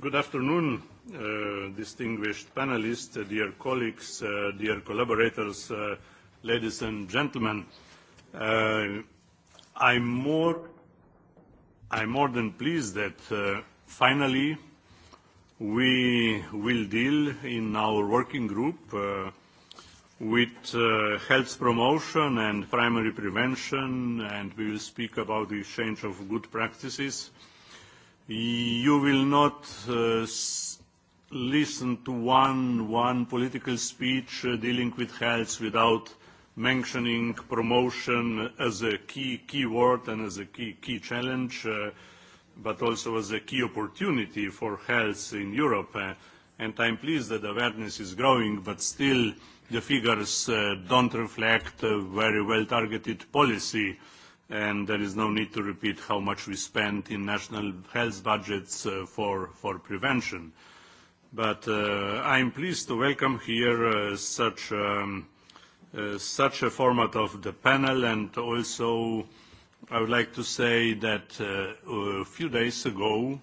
Good afternoon, uh, distinguished panelists, uh, dear colleagues, uh, dear collaborators, ladies and gentlemen. I am more than pleased that finally we will deal in our working group with health promotion and primary prevention, and we will speak about the exchange of good practices you will not uh, listen to one, one political speech uh, dealing with health without mentioning promotion as a key, word and as a key, key challenge, uh, but also as a key opportunity for health in Europe. And I'm pleased that awareness is growing, but still the figures don't reflect a very well-targeted policy and there is no need to repeat how much we spend in national health budgets uh, for, for prevention. But uh, I am pleased to welcome here uh, such, um, such a format of the panel, and also I would like to say that a few days ago,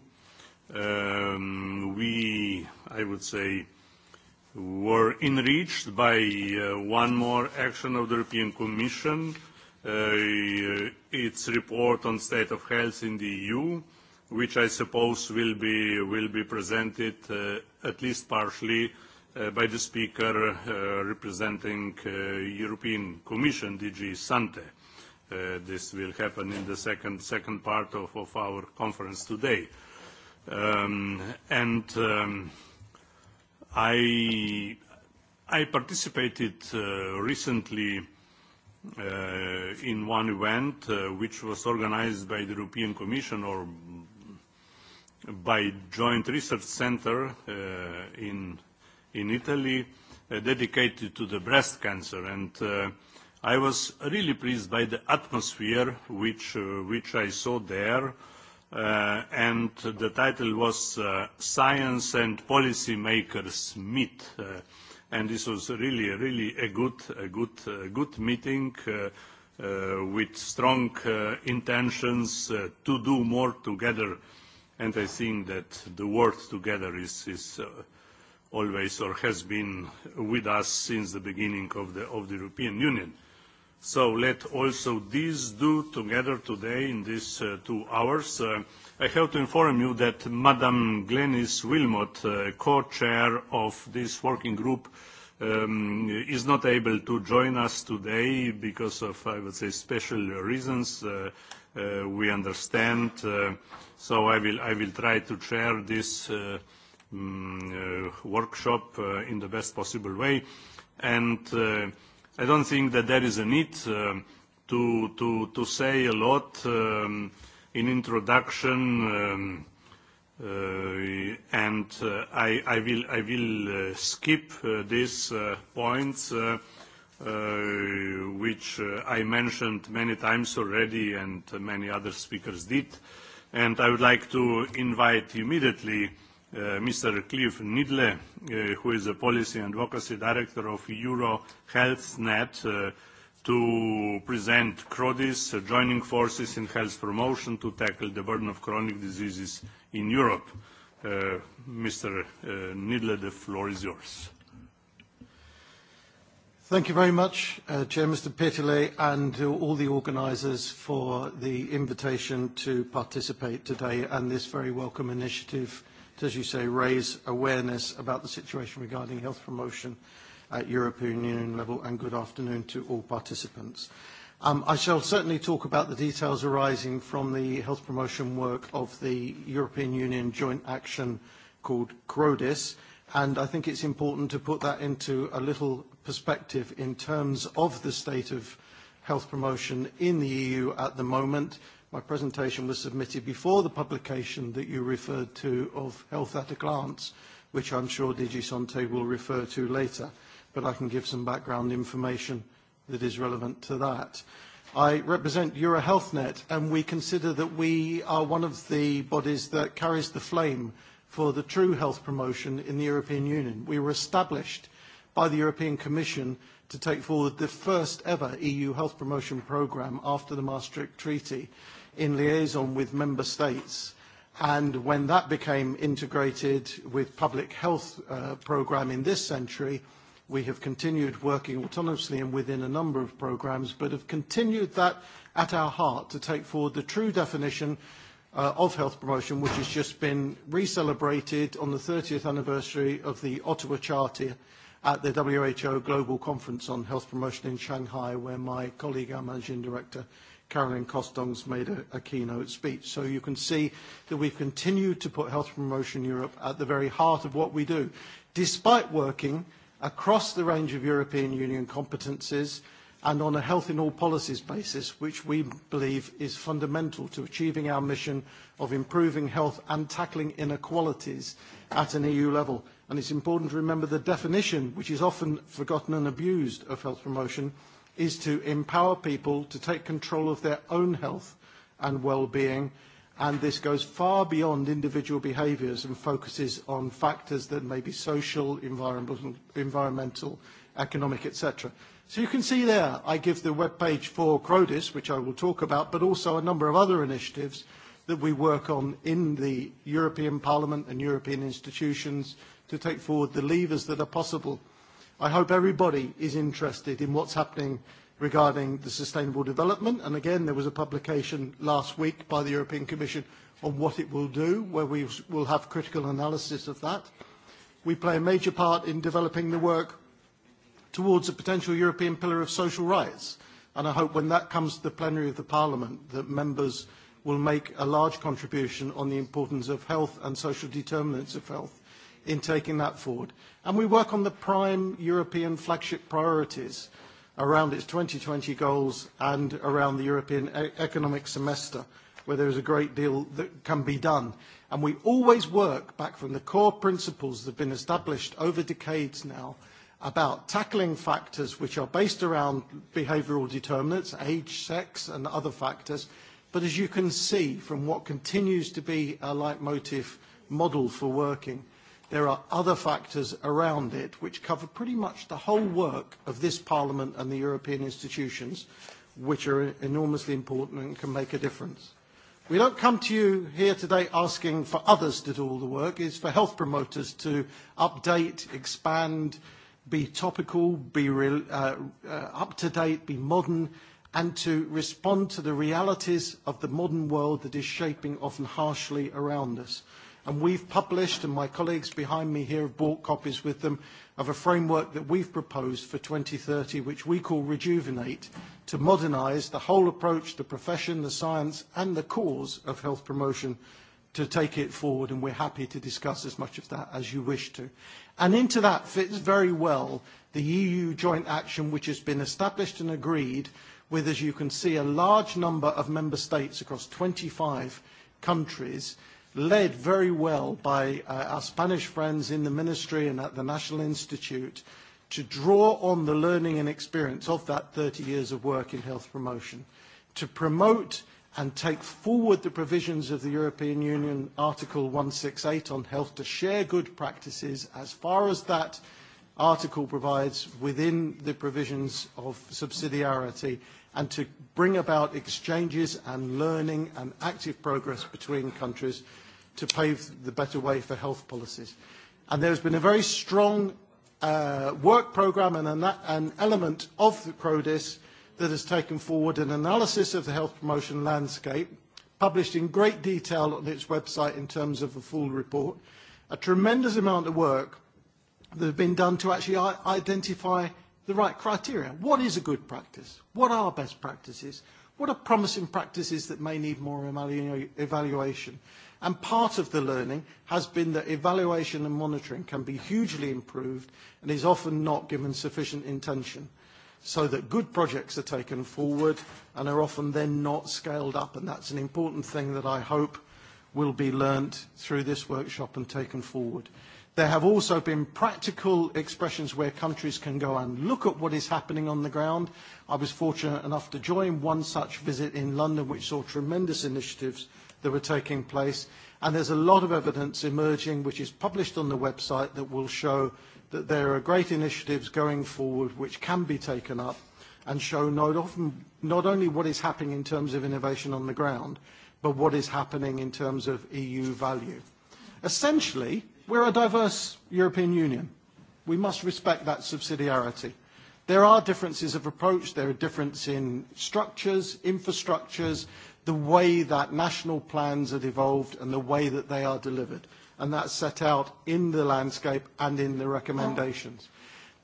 um, we, I would say, were enriched by one more action of the European Commission Uh, its report on state of health in the EU, which I suppose will be, presented uh, at least partially uh, by the speaker representing European Commission, DG Sante. this will happen in the second, part of, our conference today. Um, and um, I, participated recently uh, in one event uh, which was organized by the European Commission or by Joint Research Center uh, in, in Italy uh, dedicated to the breast cancer. And uh, I was really pleased by the atmosphere which, which I saw there. and the title was Science and Policy Makers Meet and this was really really a good a good good meeting uh, uh, with strong uh, intentions to do more together and i think that the word together is is always or has been with us since the beginning of the of the european union so let also these do together today in these two hours i have to inform you that Madam Glenis Wilmot, uh, co-chair of this working group, um, is not able to join us today because of, I would say, special reasons. Uh, uh, we understand, uh, so I will, I will try to chair this um, workshop in the best possible way. And I don't think that there is a need to, to, to say a lot. Um, in introduction, um, uh, and uh, I, I will, I will uh, skip these points which I mentioned many times already and many other speakers did. And I would like to invite immediately Mr. Cliff Nidle, who is the Policy and Advocacy Director of Euro Health Net, to present CRODIS, joining forces in health promotion to tackle the burden of chronic diseases in Europe. Uh, Mr. Uh, Nidle, the floor is yours. Thank you very much, uh, Chair Mr. Peterle, and to all the organisers for the invitation to participate today and this very welcome initiative to, as you say, raise awareness about the situation regarding health promotion at European Union level, and good afternoon to all participants. Um, I shall certainly talk about the details arising from the health promotion work of the European Union joint action called CRODIS, and I think it's important to put that into a little perspective in terms of the state of health promotion in the EU at the moment. My presentation was submitted before the publication that you referred to of Health at a Glance, which I'm sure Digi Sante will refer to later but I can give some background information that is relevant to that. I represent EuroHealthNet, and we consider that we are one of the bodies that carries the flame for the true health promotion in the European Union. We were established by the European Commission to take forward the first ever EU health promotion programme after the Maastricht Treaty in liaison with member states. And when that became integrated with public health uh, programme in this century, We have continued working autonomously and within a number of programs, but have continued that at our heart to take forward the true definition uh, of health promotion, which has just been re-celebrated on the 30th anniversary of the Ottawa Charter at the WHO Global Conference on Health Promotion in Shanghai, where my colleague, our Managing Director, Caroline Costong's made a, keynote speech. So you can see that we've continued to put Health Promotion Europe at the very heart of what we do, despite working – across the range of European Union competences and on a health in all policies basis, which we believe is fundamental to achieving our mission of improving health and tackling inequalities at an EU level. And it's important to remember the definition, which is often forgotten and abused, of health promotion is to empower people to take control of their own health and well-being and this goes far beyond individual behaviours and focuses on factors that may be social, environmental, economic, etc. So you can see there, I give the web page for CRODIS, which I will talk about, but also a number of other initiatives that we work on in the European Parliament and European institutions to take forward the levers that are possible. I hope everybody is interested in what's happening regarding the sustainable development. And again, there was a publication last week by the European Commission on what it will do, where we will have critical analysis of that. We play a major part in developing the work towards a potential European pillar of social rights. And I hope when that comes to the plenary of the Parliament, that members will make a large contribution on the importance of health and social determinants of health in taking that forward. And we work on the prime European flagship priorities – around its 2020 goals and around the European e-, economic semester, where there is a great deal that can be done. And we always work back from the core principles that have been established over decades now about tackling factors which are based around behavioural determinants, age, sex, and other factors. But as you can see from what continues to be a leitmotif model for working, There are other factors around it which cover pretty much the whole work of this Parliament and the European institutions, which are enormously important and can make a difference. We don't come to you here today asking for others to do all the work. It's for health promoters to update, expand, be topical, be re uh, uh, up to date, be modern, and to respond to the realities of the modern world that is shaping often harshly around us. And we've published, and my colleagues behind me here have bought copies with them, of a framework that we've proposed for 2030, which we call Rejuvenate, to modernise the whole approach, the profession, the science, and the cause of health promotion to take it forward, and we're happy to discuss as much of that as you wish to. And into that fits very well the EU joint action, which has been established and agreed with, as you can see, a large number of member states across 25 countries, led very well by uh, our Spanish friends in the ministry and at the National Institute to draw on the learning and experience of that 30 years of work in health promotion, to promote and take forward the provisions of the European Union Article 168 on health to share good practices as far as that article provides within the provisions of subsidiarity and to bring about exchanges and learning and active progress between countries to pave the better way for health policies. And there has been a very strong uh, work programme and an, element of the CRODIS that has taken forward an analysis of the health promotion landscape, published in great detail on its website in terms of a full report. A tremendous amount of work that has been done to actually identify the right criteria. What is a good practice? What are best practices? What are promising practices that may need more evaluation? And part of the learning has been that evaluation and monitoring can be hugely improved and is often not given sufficient intention so that good projects are taken forward and are often then not scaled up. And that's an important thing that I hope will be learnt through this workshop and taken forward. There have also been practical expressions where countries can go and look at what is happening on the ground. I was fortunate enough to join one such visit in London, which saw tremendous initiatives that were taking place. And there's a lot of evidence emerging, which is published on the website, that will show that there are great initiatives going forward which can be taken up and show not, often, not only what is happening in terms of innovation on the ground, but what is happening in terms of EU value. Essentially, we're a diverse European Union. We must respect that subsidiarity. There are differences of approach. There are differences in structures, infrastructures the way that national plans are evolved and the way that they are delivered. And that's set out in the landscape and in the recommendations.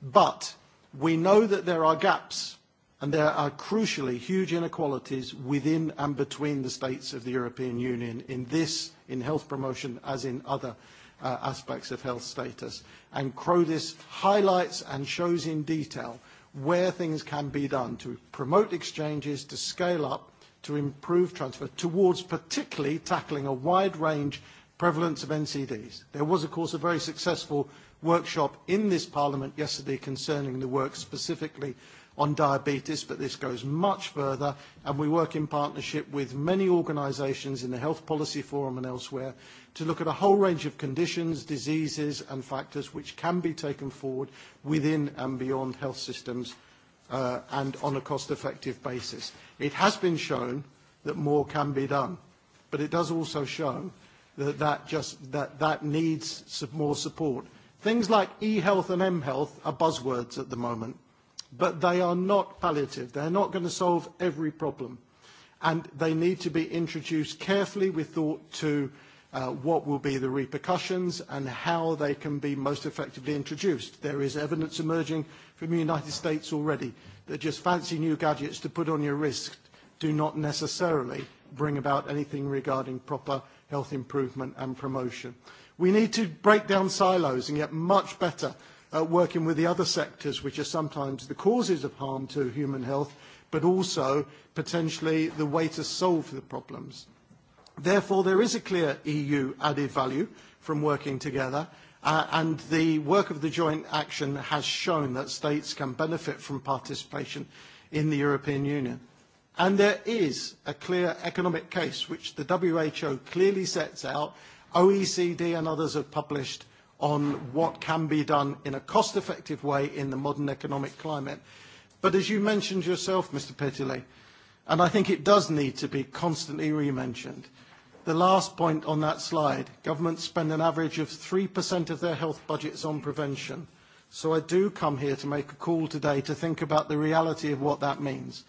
But we know that there are gaps and there are crucially huge inequalities within and between the states of the European Union in this, in health promotion, as in other uh, aspects of health status. And CRODIS highlights and shows in detail where things can be done to promote exchanges, to scale up, to improve transfer towards particularly tackling a wide range prevalence of NCDs. There was, of course, a very successful workshop in this parliament yesterday concerning the work specifically on diabetes, but this goes much further, and we work in partnership with many organisations in the Health Policy Forum and elsewhere to look at a whole range of conditions, diseases and factors which can be taken forward within and beyond health systems Uh, and on a cost-effective basis. It has been shown that more can be done, but it does also show that that, just, that, that needs more support. Things like e-health and m-health are buzzwords at the moment, but they are not palliative. They're not going to solve every problem, and they need to be introduced carefully with thought to uh, what will be the repercussions and how they can be most effectively introduced. There is evidence emerging from the United States already that just fancy new gadgets to put on your wrist do not necessarily bring about anything regarding proper health improvement and promotion. We need to break down silos and get much better at working with the other sectors which are sometimes the causes of harm to human health, but also potentially the way to solve the problems. Therefore, there is a clear EU added value from working together, Uh, and the work of the joint action has shown that states can benefit from participation in the European Union. And there is a clear economic case, which the WHO clearly sets out, OECD and others have published on what can be done in a cost-effective way in the modern economic climate. But as you mentioned yourself, Mr. Petillet, and I think it does need to be constantly re-mentioned, The last point on that slide, governments spend an average of 3% of their health budgets on prevention. So I do come here to make a call today to think about the reality of what that means.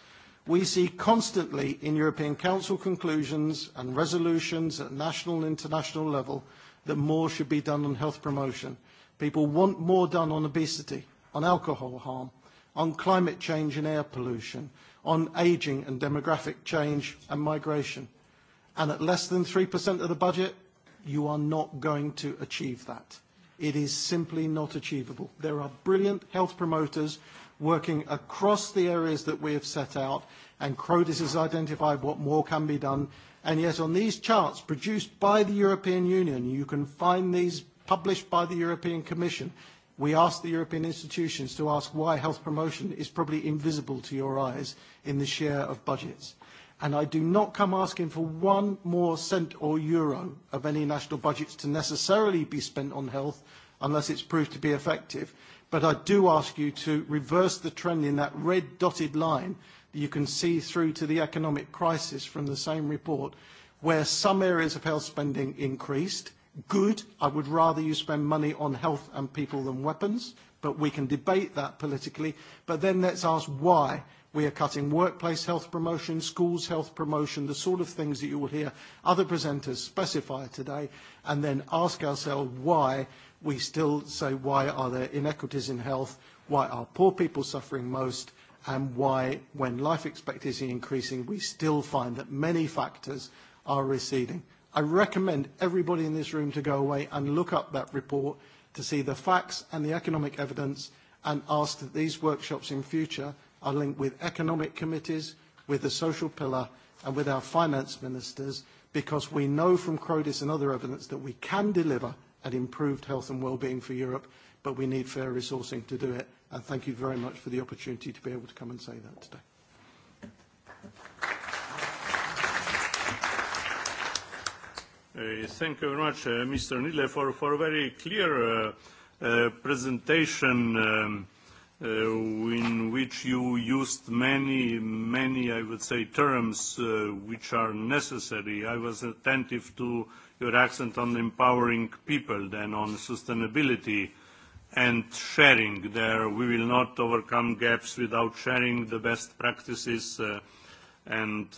We see constantly in European Council conclusions and resolutions at national and international level that more should be done on health promotion. People want more done on obesity, on alcohol harm, on climate change and air pollution, on ageing and demographic change and migration and at less than 3% of the budget, you are not going to achieve that. It is simply not achievable. There are brilliant health promoters working across the areas that we have set out, and CRODIS has identified what more can be done. And yet on these charts produced by the European Union, you can find these published by the European Commission, we ask the European institutions to ask why health promotion is probably invisible to your eyes in the share of budgets and I do not come asking for one more cent or euro of any national budgets to necessarily be spent on health unless it's proved to be effective. But I do ask you to reverse the trend in that red dotted line that you can see through to the economic crisis from the same report, where some areas of health spending increased. Good, I would rather you spend money on health and people than weapons, but we can debate that politically. But then let's ask why We are cutting workplace health promotion, schools health promotion, the sort of things that you will hear other presenters specify today, and then ask ourselves why we still say, why are there inequities in health? Why are poor people suffering most? And why, when life expectancy is increasing, we still find that many factors are receding. I recommend everybody in this room to go away and look up that report to see the facts and the economic evidence and ask that these workshops in future are linked with economic committees, with the social pillar, and with our finance ministers, because we know from CRODIS and other evidence that we can deliver an improved health and well-being for Europe, but we need fair resourcing to do it. And thank you very much for the opportunity to be able to come and say that today. Uh, thank you very much, uh, Mr. Nidle, for, a very clear uh, presentation um, Uh, in which you used many, many, I would say, terms uh, which are necessary. I was attentive to your accent on empowering people, then on sustainability and sharing. There we will not overcome gaps without sharing the best practices. Uh, and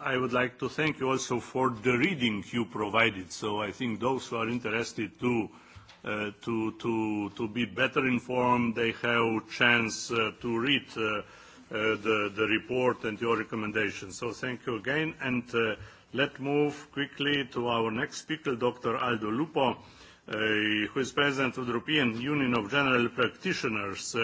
I would like to thank you also for the reading you provided. So I think those who are interested to Uh, to, to, to be better informed, they have chance uh, to read uh, the, the report and your recommendations. So thank you again, and let's move quickly to our next speaker, Dr. Aldo Lupo, who is President of the European Union of General Practitioners.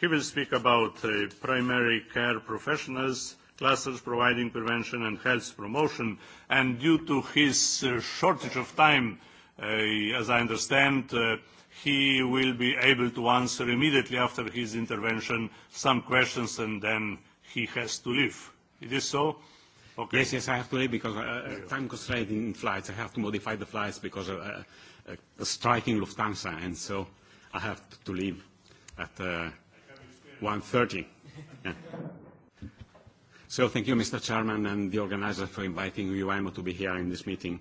He will speak about primary care professionals, clusters providing prevention and health promotion. And due to his shortage of time, Uh, as I understand, uh, he will be able to answer immediately after his intervention some questions and then he has to leave. It is so? Okay. Yes, yes, I have to leave because uh, uh time constraint in flights. I have to modify the flights because of uh, uh, striking Lufthansa, and so I have to leave at uh, 1.30. yeah. So thank you, Mr. Chairman, and the organizer for inviting UIMO to be here in this meeting.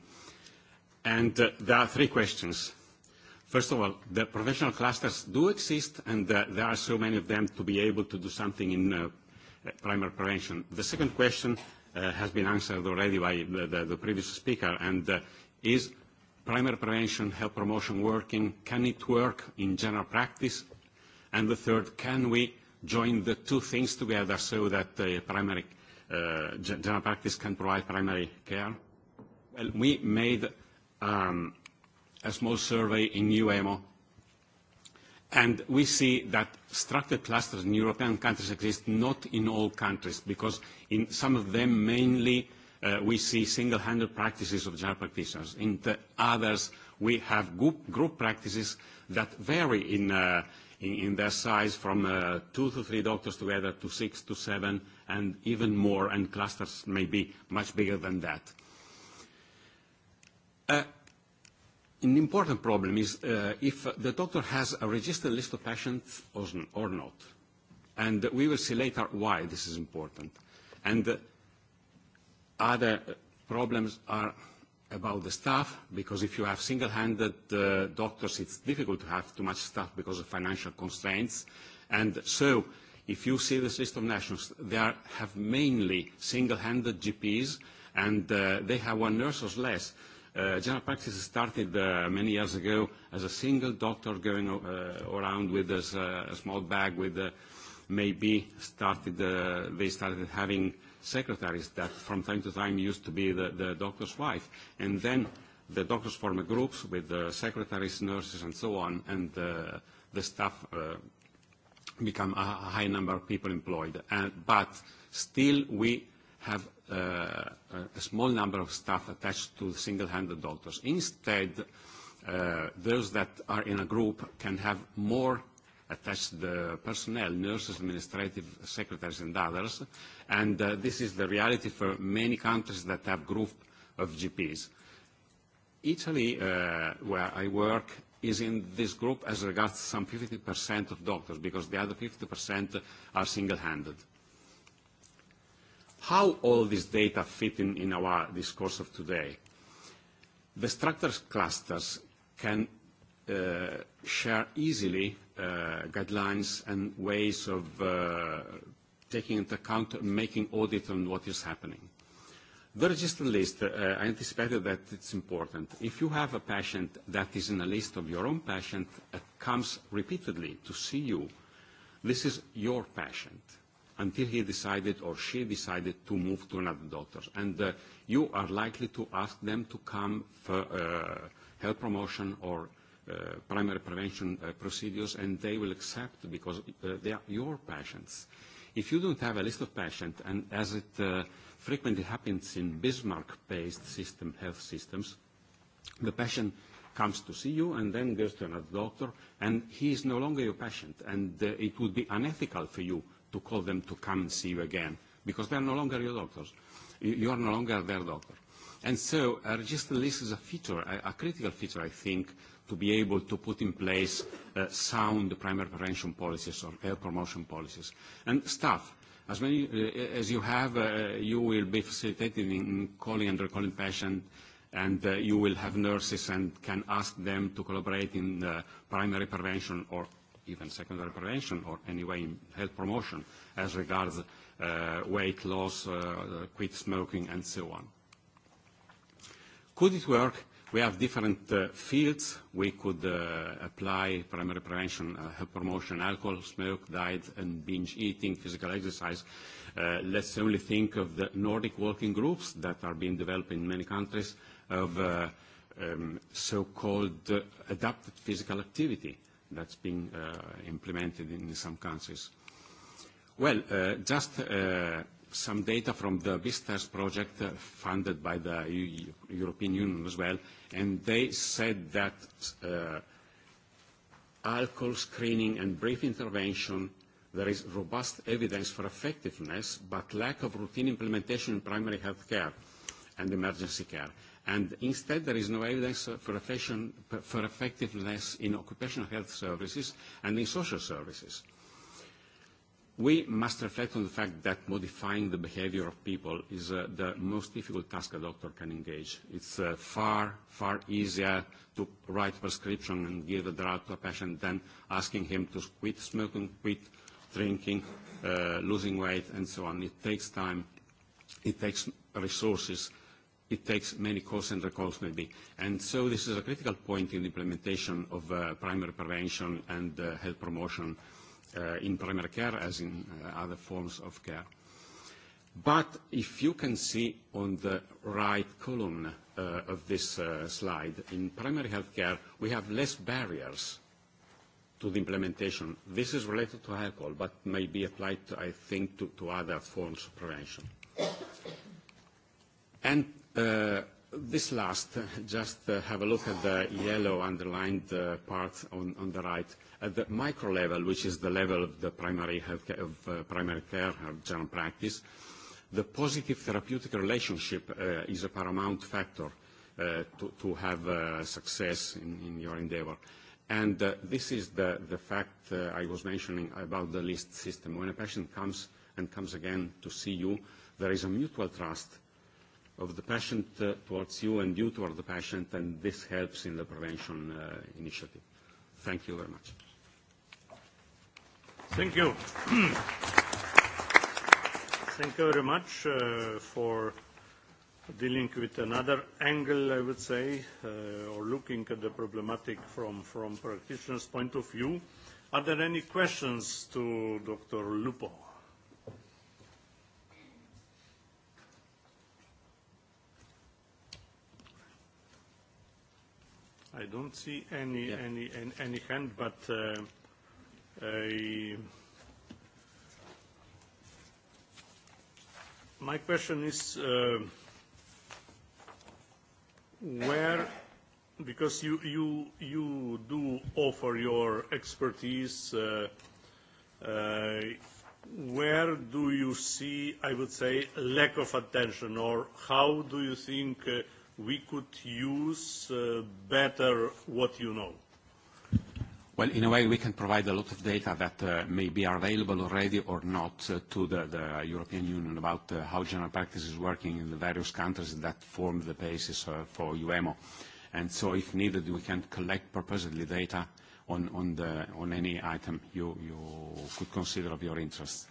And uh, there are three questions. First of all, the professional clusters do exist, and uh, there are so many of them to be able to do something in uh, uh primary prevention. The second question uh, has been answered already by the, the, previous speaker, and is primary prevention, health promotion working? Can it work in general practice? And the third, can we join the two things together so that primary general practice can provide primary care? Well, we made Um, a small survey in new and we see that structured clusters in European countries exist not in all countries, because in some of them mainly uh, we see single-handed practices of general practitioners. In the others, we have group, practices that vary in, uh, their size from uh, two to three doctors together to six to seven and even more, and clusters may be much bigger than that. Uh, an important problem is uh, if the doctor has a registered list of patients or, not. And we will see later why this is important. And other problems are about the staff, because if you have single-handed uh, doctors, it's difficult to have too much staff because of financial constraints. And so if you see this list of nationals, they are, have mainly single-handed GPs, and they have one nurse or less. Uh, general practice started uh, many years ago as a single doctor going uh, around with this, uh, a small bag with uh, maybe started, uh, they started having secretaries that from time to time used to be the, the doctor's wife. And then the doctors formed groups with the secretaries, nurses, and so on, and uh, the staff uh, become a high number of people employed. Uh, but still we have Uh, a small number of staff attached to single-handed doctors. Instead, uh, those that are in a group can have more attached personnel, nurses, administrative secretaries, and others. And uh, this is the reality for many countries that have group of GPs. Italy, uh, where I work, is in this group as regards some 50% of doctors, because the other 50% are single-handed how all this data fit in, in our discourse of today. The structures clusters can uh, share easily uh, guidelines and ways of uh, taking into account making audit on what is happening. The registered list, uh, I anticipated that it's important. If you have a patient that is in a list of your own patient, uh, comes repeatedly to see you, this is your patient until he decided or she decided to move to another doctor. And uh, you are likely to ask them to come for uh, health promotion or uh, primary prevention procedures, and they will accept because they are your patients. If you don't have a list of patients, and as it frequently happens in Bismarck-based system health systems, the patient comes to see you and then goes to another doctor, and he is no longer your patient, and it would be unethical for you to call them to come and see you again because they are no longer your doctors. You are no longer their doctor. And so a uh, register list is a feature, a, critical feature, I think, to be able to put in place uh, sound primary prevention policies or health promotion policies. And staff, as many uh, as you have, you will be facilitating in calling and recalling patients, and you will have nurses and can ask them to collaborate in primary prevention or even secondary prevention or anyway health promotion as regards uh, weight loss, uh, uh, quit smoking and so on. Could it work? We have different uh, fields. We could uh, apply primary prevention, uh, health promotion, alcohol, smoke, diet and binge eating, physical exercise. Let's only think of the Nordic working groups that are being developed in many countries of um, so-called adapted physical activity that's been uh, implemented in some countries. Well, uh, just uh, some data from the Vistas project funded by the European Union as well, and they said that alcohol screening and brief intervention, there is robust evidence for effectiveness, but lack of routine implementation in primary health care and emergency care. And instead, there is no evidence for, affection, for effectiveness in occupational health services and in social services. We must reflect on the fact that modifying the behavior of people is uh, the most difficult task a doctor can engage. It's uh, far, far easier to write a prescription and give a drug to a patient than asking him to quit smoking, quit drinking, uh, losing weight, and so on. It takes time. It takes resources it takes many calls and recalls maybe. And so this is a critical point in the implementation of uh, primary prevention and uh, health promotion uh, in primary care as in other forms of care. But if you can see on the right column of this slide, in primary health care, we have less barriers to the implementation. This is related to alcohol, but may be applied, I think, to, to other forms of prevention. And Uh, this last, just uh, have a look at the yellow underlined uh, part on, the right. At the micro level, which is the level of the primary health care, of primary care, or general practice, the positive therapeutic relationship is a paramount factor to, have success in, your endeavor. And this is the, the fact I was mentioning about the list system. When a patient comes and comes again to see you, there is a mutual trust of the patient uh, towards you and you towards the patient, and this helps in the prevention uh, initiative. Thank you very much. Thank you. Thank you very much uh, for dealing with another angle, I would say, uh, or looking at the problematic from, from practitioner's point of view. Are there any questions to Dr. Lupo? I don't see any yeah. any any hand, but uh, I... my question is uh, where, because you you you do offer your expertise, uh, uh, where do you see, I would say, lack of attention, or how do you think? Uh, we could use uh, better what you know? Well, in a way, we can provide a lot of data that uh, may be available already or not uh, to the, the European Union about uh, how general practice is working in the various countries that form the basis uh, for UEMO. And so if needed, we can collect purposely data on, on, the, on any item you, you could consider of your interest.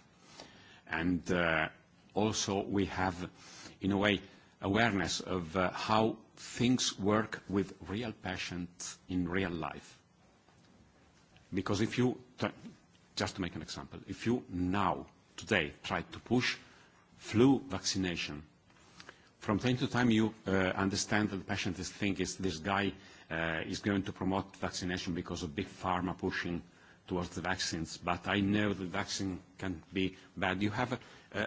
And uh, also, we have, in a way, awareness of uh, how things work with real patients in real life. Because if you, just to make an example, if you now, today, try to push flu vaccination, from time to time you uh, understand that the patient is thinking this guy uh, is going to promote vaccination because of big pharma pushing towards the vaccines, but I know the vaccine can be bad. You have a,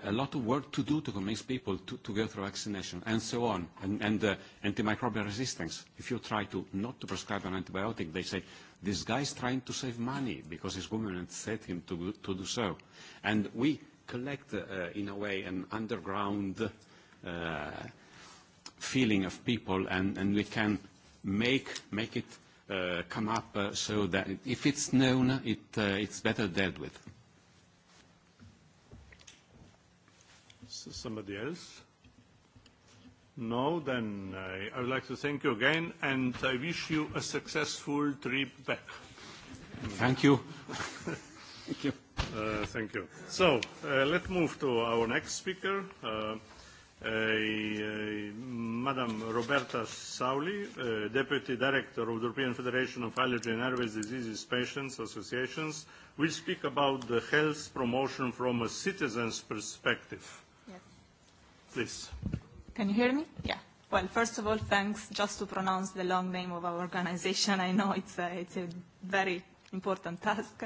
a lot of work to do to convince people to, to go through vaccination and so on, and, and uh, antimicrobial resistance. If you try to not to prescribe an antibiotic, they say, this guy is trying to save money because his government said him to, to do so. And we collect, uh, uh, in a way, an underground uh, feeling of people, and, and we can make, make it uh, come up uh, so that if it's known, it, uh, it's better dealt with. somebody else? No, then I would like to thank you again, and I wish you a successful trip back. Thank you. thank you. Uh, thank you. So, uh, let's move to our next speaker, uh, uh Madam Roberta Sauli, uh, Deputy Director of the European Federation of Allergy and Nervous Diseases Patients Associations, will speak about the health promotion from a citizen's perspective please. Can you hear me? Yeah. Well, first of all, thanks just to pronounce the long name of our organization. I know it's a, it's a very important task.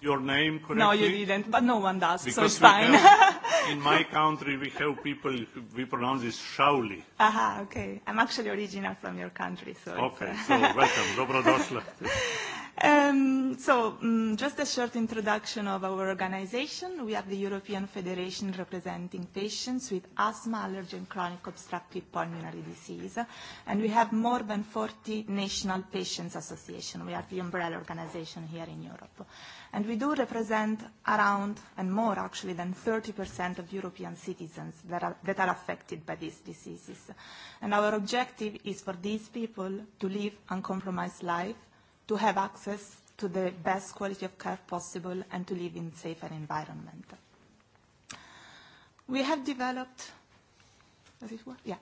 Your name correctly? No, you didn't, but no one does, so it's fine. Have, in my country, we have people, we pronounce it Shauli. Aha, okay. I'm actually original from your country, so. Okay, uh, so welcome. Dobrodošla. Um, so, mm, just a short introduction of our organization. We are the European Federation representing patients with asthma, allergy, and chronic obstructive pulmonary disease. And we have more than 40 national patients associations. We are the umbrella organization here in Europe. And we do represent around, and more actually, than 30% of European citizens that are, that are affected by these diseases. And our objective is for these people to live uncompromised life to have access to the best quality of care possible and to live in safer environment. We have developed, does it work? Yeah.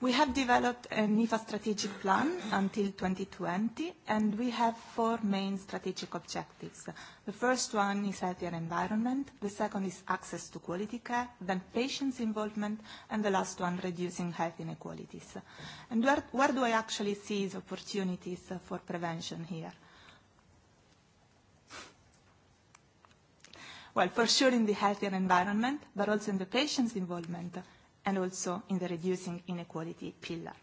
We have developed a NIFA strategic plan until 2020, and we have four main strategic objectives. The first one is healthier environment, the second is access to quality care, then patients' involvement, and the last one, reducing health inequalities. And where, where do I actually see the opportunities for prevention here? Well, for sure in the healthier environment, but also in the patient's involvement and also in the reducing inequality pillar.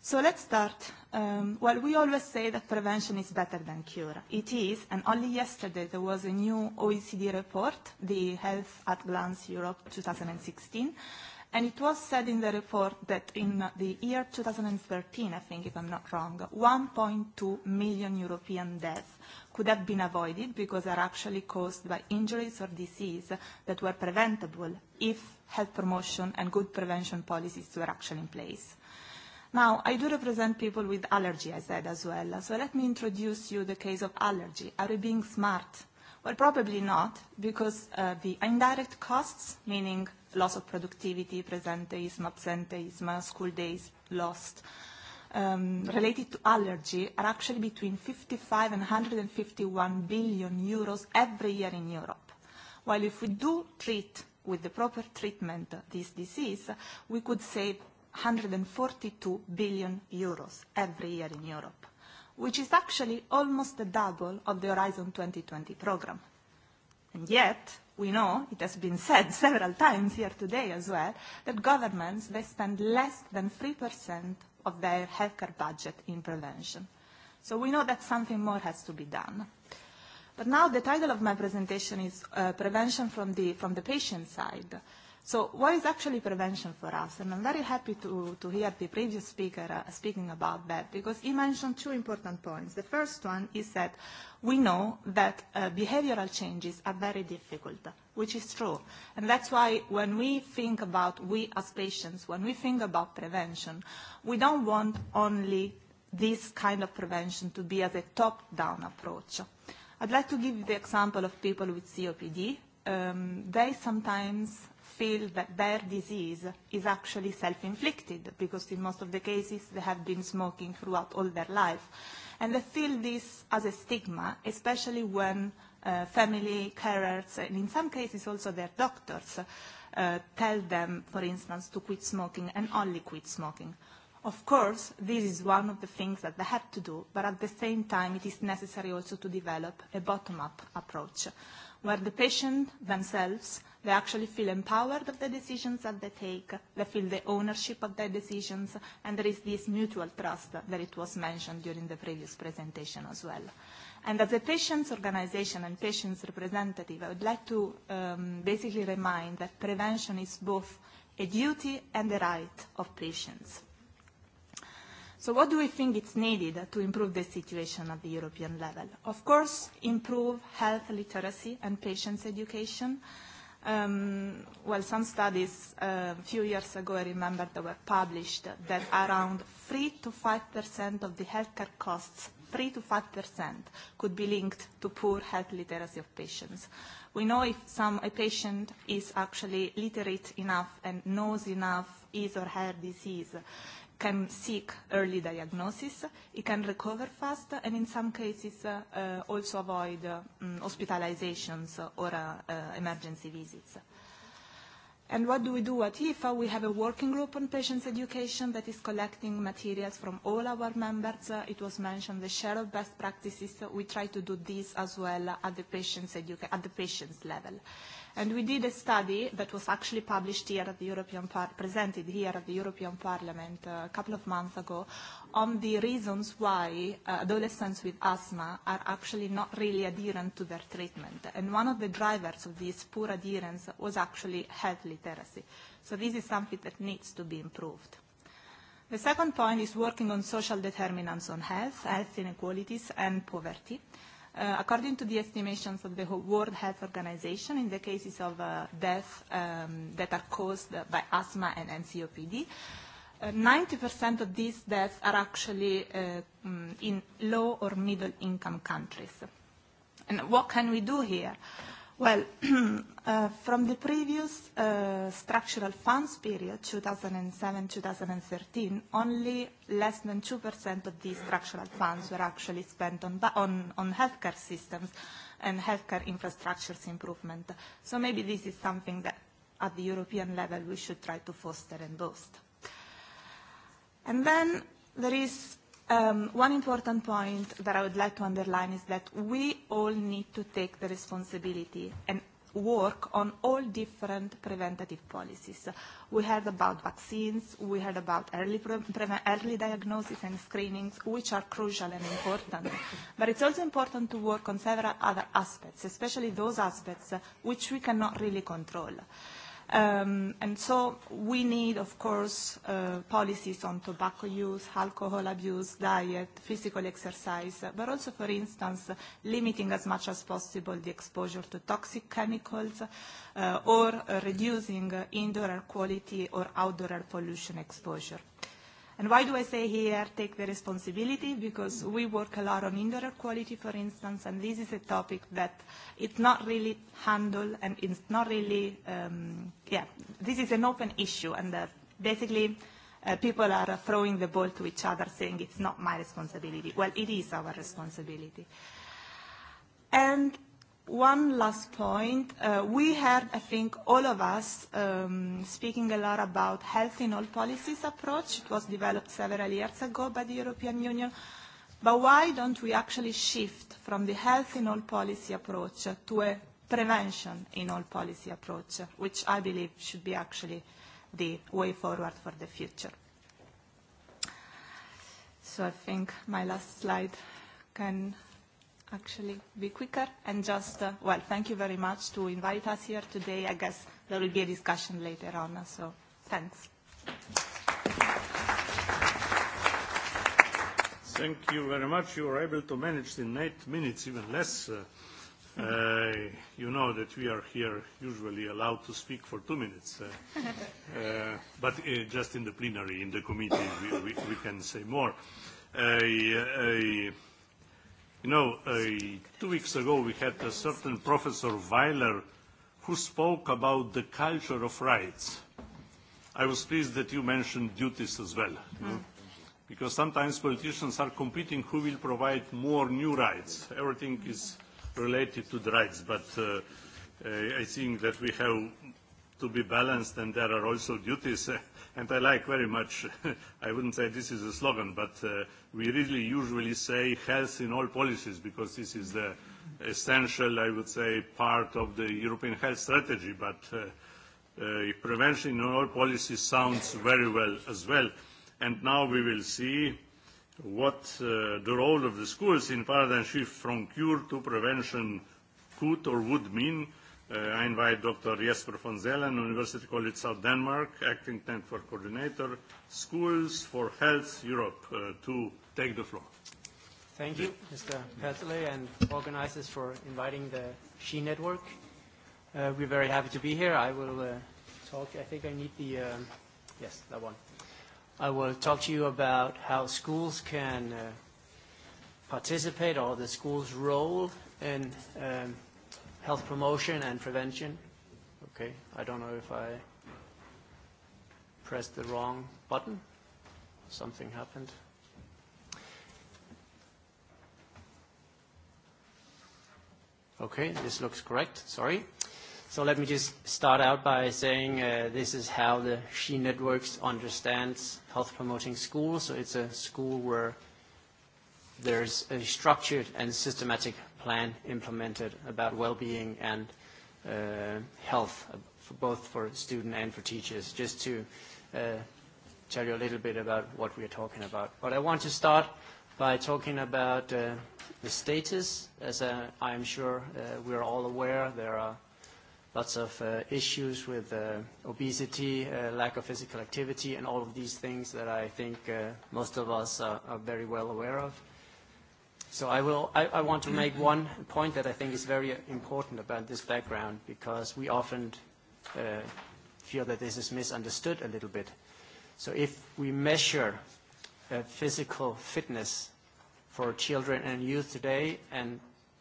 So let's start. Um, well, we always say that prevention is better than cure. It is, and only yesterday there was a new OECD report, the Health at Glance Europe 2016, and it was said in the report that in the year 2013, I think, if I'm not wrong, 1.2 million European deaths could have been avoided because they are actually caused by injuries or disease that were preventable if health promotion and good prevention policies were actually in place. Now, I do represent people with allergy, I said as well. So let me introduce you the case of allergy. Are we being smart? Well, probably not, because uh, the indirect costs, meaning loss of productivity, presenteeism, absenteeism, school days lost, um, related to allergy are actually between 55 and 151 billion euros every year in Europe. While if we do treat with the proper treatment of this disease, we could save 142 billion euros every year in Europe, which is actually almost the double of the Horizon 2020 program. And yet, we know, it has been said several times here today as well, that governments, they spend less than 3% of their healthcare budget in prevention. So we know that something more has to be done. But now the title of my presentation is uh, Prevention from the, from the Patient Side. So what is actually prevention for us? And I'm very happy to, to hear the previous speaker uh, speaking about that because he mentioned two important points. The first one is that we know that uh, behavioral changes are very difficult, which is true. And that's why when we think about we as patients, when we think about prevention, we don't want only this kind of prevention to be as a top-down approach. I'd like to give you the example of people with COPD. Um, they sometimes feel that their disease is actually self-inflicted because in most of the cases they have been smoking throughout all their life. And they feel this as a stigma, especially when uh, family carers and in some cases also their doctors uh, tell them, for instance, to quit smoking and only quit smoking. Of course, this is one of the things that they have to do, but at the same time, it is necessary also to develop a bottom-up approach, where the patient themselves, they actually feel empowered of the decisions that they take, they feel the ownership of their decisions, and there is this mutual trust that it was mentioned during the previous presentation as well. And as a patient's organization and patient's representative, I would like to um, basically remind that prevention is both a duty and a right of patients. So what do we think is needed to improve the situation at the European level? Of course, improve health literacy and patients' education. Um, well, some studies uh, a few years ago, I remember, that were published that around 3 to 5% of the healthcare costs 3 to 5% could be linked to poor health literacy of patients. We know if some, a patient is actually literate enough and knows enough his or her disease can seek early diagnosis, it can recover fast, and in some cases uh, also avoid uh, hospitalizations or uh, emergency visits. And what do we do at IFA? We have a working group on patients' education that is collecting materials from all our members. Uh, it was mentioned the share of best practices. We try to do this as well at the patient's, at the patient's level. And we did a study that was actually published here at the European Par presented here at the European Parliament uh, a couple of months ago on the reasons why uh, adolescents with asthma are actually not really adherent to their treatment. And one of the drivers of this poor adherence was actually health literacy. So this is something that needs to be improved. The second point is working on social determinants on health, health inequalities and poverty. Uh, according to the estimations of the World Health Organization, in the cases of uh, death um, that are caused by asthma and NCOPD, 90% uh, of these deaths are actually uh, mm, in low or middle income countries. And what can we do here? Well, uh, from the previous uh, structural funds period, 2007-2013, only less than 2% of these structural funds were actually spent on, on, on healthcare systems and healthcare infrastructures improvement. So maybe this is something that at the European level we should try to foster and boost. And then there is Um, one important point that I would like to underline is that we all need to take the responsibility and work on all different preventative policies. We heard about vaccines, we heard about early, pre early diagnosis and screenings, which are crucial and important. But it's also important to work on several other aspects, especially those aspects which we cannot really control. Um, and so we need, of course, uh, policies on tobacco use, alcohol abuse, diet, physical exercise, but also, for instance, limiting as much as possible the exposure to toxic chemicals uh, or reducing indoor air quality or outdoor air pollution exposure. And why do I say here take the responsibility? Because we work a lot on indoor quality, for instance, and this is a topic that it's not really handled and it's not really, um, yeah, this is an open issue and uh, basically uh, people are throwing the ball to each other saying it's not my responsibility. Well, it is our responsibility. And one last point. Uh, we heard, I think, all of us um, speaking a lot about health in all policies approach. It was developed several years ago by the European Union. But why don't we actually shift from the health in all policy approach to a prevention in all policy approach, which I believe should be actually the way forward for the future. So I think my last slide can actually be quicker and just, uh, well, thank you very much to invite us here today. I guess there will be a discussion later on, uh, so thanks. Thank you very much. You were able to manage in eight minutes, even less. Uh, uh you know that we are here usually allowed to speak for two minutes, uh, but just in the plenary, in the committee, we, we, we can say more. I, I, You know, uh, two weeks ago we had a certain Professor Weiler who spoke about the culture of rights. I was pleased that you mentioned duties as well. Mm. Because sometimes politicians are competing who will provide more new rights. Everything is related to the rights, but uh, I think that we have to be balanced and there are also duties. And I like very much, I wouldn't say this is a slogan, but uh, we really usually say health in all policies because this is the essential, I would say, part of the European health strategy. But uh, uh, prevention in all policies sounds very well as well. And now we will see what the role of the schools in paradigm shift from cure to prevention could or would mean Uh, I invite Dr. Jesper von Zelen, University College South Denmark, Acting Tent for Coordinator, Schools for Health Europe, uh, to take the floor. Thank you, Mr. Petzle, and organizers for inviting the SHE Network. Uh, we're very happy to be here. I will uh, talk, I think I need the, um, yes, that one. I will talk to you about how schools can uh, participate or the school's role in um, health promotion and prevention. Okay, I don't know if I pressed the wrong button. Something happened. Okay, this looks correct. Sorry. So let me just start out by saying uh, this is how the SHE networks understands health promoting schools. So it's a school where there's a structured and systematic plan implemented about well-being and uh, health, uh, for both for students and for teachers, just to uh, tell you a little bit about what we are talking about. But I want to start by talking about uh, the status. As uh, I am sure uh, we are all aware, there are lots of uh, issues with uh, obesity, uh, lack of physical activity, and all of these things that I think uh, most of us are, are very well aware of. So I, will, I, I want to make one point that I think is very important about this background because we often uh, feel that this is misunderstood a little bit. So if we measure uh, physical fitness for children and youth today and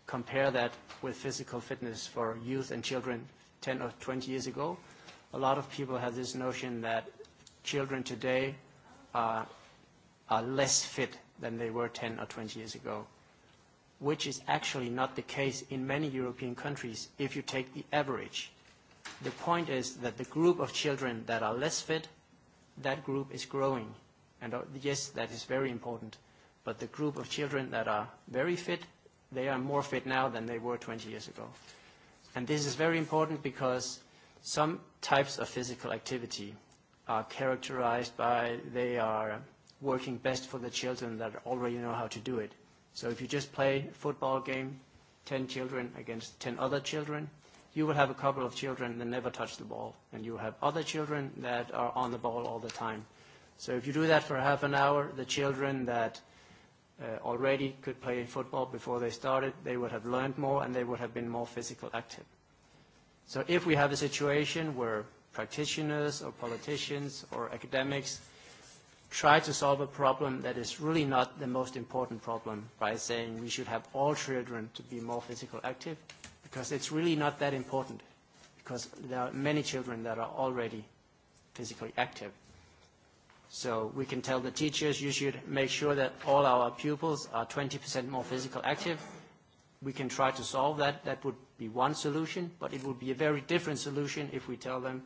compare that with physical fitness for youth and children 10 or 20 years ago, a lot of people have this notion that children today are, are less fit than they were 10 or 20 years ago which is actually not the case in many European countries if you take the average. The point is that the group of children that are less fit, that group is growing. And uh, yes, that is very important. But the group of children that are very fit, they are more fit now than they were 20 years ago. And this is very important because some types of physical activity are characterized by they are working best for the children that already know how to do it So if you just play a football game, 10 children against 10 other children, you will have a couple of children that never touch the ball, and you will have other children that are on the ball all the time. So if you do that for half an hour, the children that uh, already could play football before they started, they would have learned more and they would have been more physically active. So if we have a situation where practitioners or politicians or academics try to solve a problem that is really not the most important problem by saying we should have all children to be more physically active because it's really not that important because there are many children that are already physically active. So we can tell the teachers you should make sure that all our pupils are 20% more physically active. We can try to solve that. That would be one solution, but it would be a very different solution if we tell them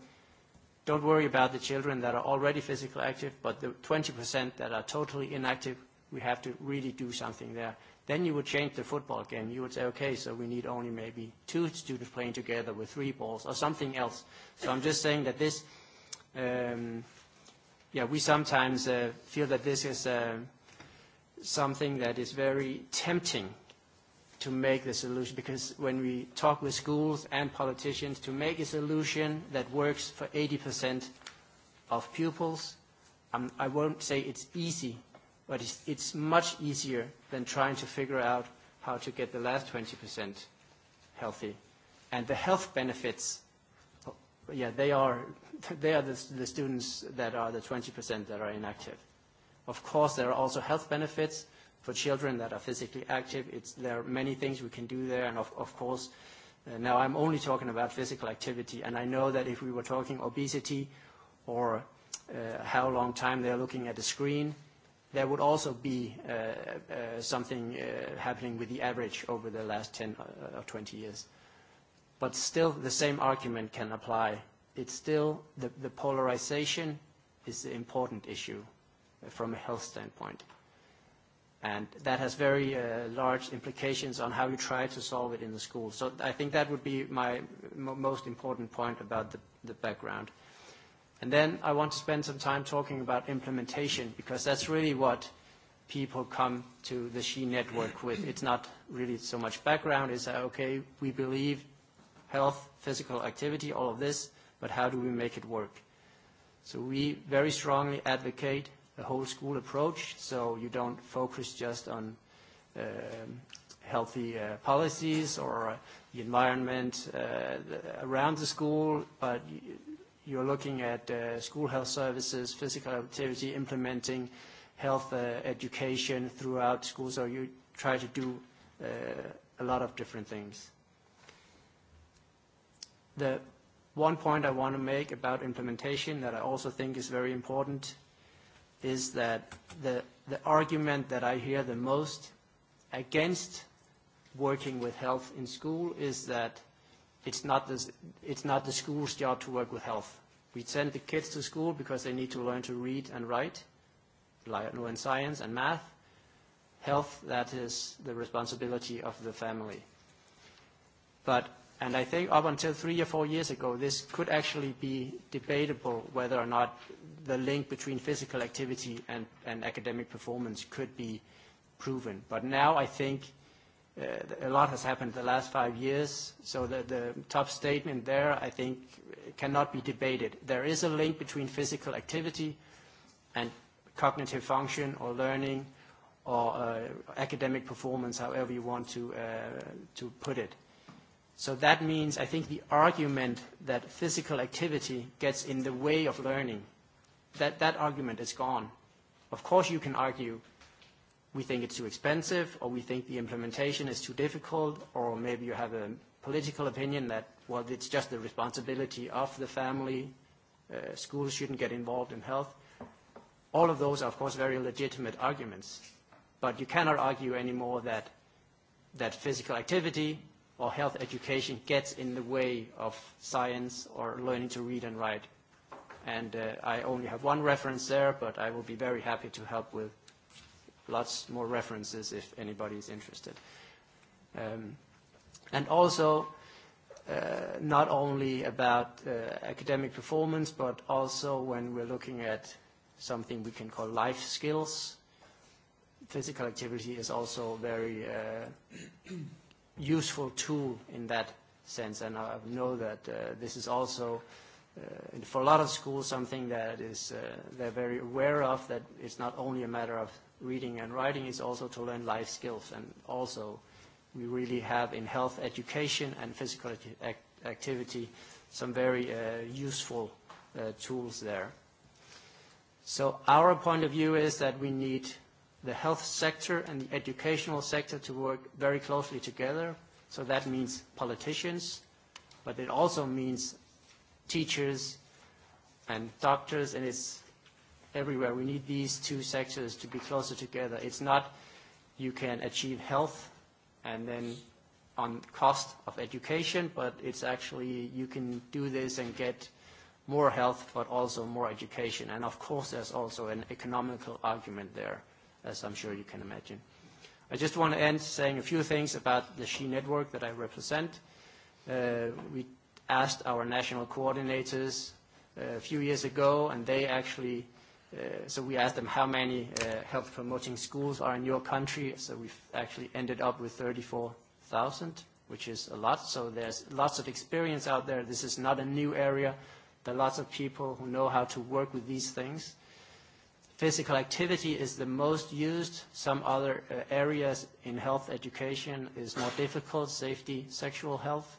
Don't worry about the children that are already physically active, but the 20% that are totally inactive, we have to really do something there. Then you would change the football game. You would say, okay, so we need only maybe two students playing together with three balls or something else. So I'm just saying that this, um, yeah, we sometimes uh, feel that this is uh, something that is very tempting to make the solution because when we talk with schools and politicians to make a solution that works for 80% of pupils, um, I won't say it's easy, but it's, it's much easier than trying to figure out how to get the last 20% healthy. And the health benefits, yeah, they are, they are the, the students that are the 20% that are inactive. Of course, there are also health benefits, for children that are physically active. It's, there are many things we can do there, and of, of course, uh, now I'm only talking about physical activity, and I know that if we were talking obesity or uh, how long time they're looking at the screen, there would also be uh, uh, something uh, happening with the average over the last 10 uh, or 20 years. But still, the same argument can apply. It's still the, the polarization is the important issue uh, from a health standpoint and that has very uh, large implications on how you try to solve it in the school. So I think that would be my most important point about the, the background. And then I want to spend some time talking about implementation because that's really what people come to the SHE network with. It's not really so much background. It's uh, okay, we believe health, physical activity, all of this, but how do we make it work? So we very strongly advocate a whole school approach, so you don't focus just on um, healthy uh, policies or uh, the environment uh, around the school, but you're looking at uh, school health services, physical activity, implementing health uh, education throughout school, so you try to do uh, a lot of different things. The one point I want to make about implementation that I also think is very important is that the, the argument that I hear the most against working with health in school is that it's not, this, it's not the school's job to work with health. We send the kids to school because they need to learn to read and write, learn science and math. Health, that is the responsibility of the family. But And I think up until three or four years ago, this could actually be debatable whether or not the link between physical activity and, academic performance could be proven. But now I think uh, a lot has happened the last five years, so the, the top statement there, I think, cannot be debated. There is a link between physical activity and cognitive function or learning or uh, academic performance, however you want to, uh, to put it. So that means I think the argument that physical activity gets in the way of learning, that, that argument is gone. Of course you can argue we think it's too expensive or we think the implementation is too difficult or maybe you have a political opinion that, well, it's just the responsibility of the family, uh, schools shouldn't get involved in health. All of those are, of course, very legitimate arguments. But you cannot argue anymore that, that physical activity or health education gets in the way of science or learning to read and write. And uh, I only have one reference there, but I will be very happy to help with lots more references if anybody is interested. Um, and also, uh, not only about uh, academic performance, but also when we're looking at something we can call life skills, physical activity is also very uh, useful tool in that sense. And I know that uh, this is also uh, for a lot of schools something that is uh, they're very aware of. That it's not only a matter of reading and writing; it's also to learn life skills. And also, we really have in health education and physical activity some very uh, useful uh, tools there. So our point of view is that we need the health sector and the educational sector to work very closely together. So that means politicians, but it also means teachers and doctors, and it's everywhere. We need these two sectors to be closer together. It's not you can achieve health and then on cost of education, but it's actually you can do this and get more health, but also more education. And of course, there's also an economical argument there as I'm sure you can imagine. I just want to end saying a few things about the SHE network that I represent. Uh, we asked our national coordinators uh, a few years ago, and they actually, uh, so we asked them how many uh, health promoting schools are in your country. So we've actually ended up with 34,000, which is a lot. So there's lots of experience out there. This is not a new area. There are lots of people who know how to work with these things. Physical activity is the most used. Some other uh, areas in health education is more difficult, safety, sexual health.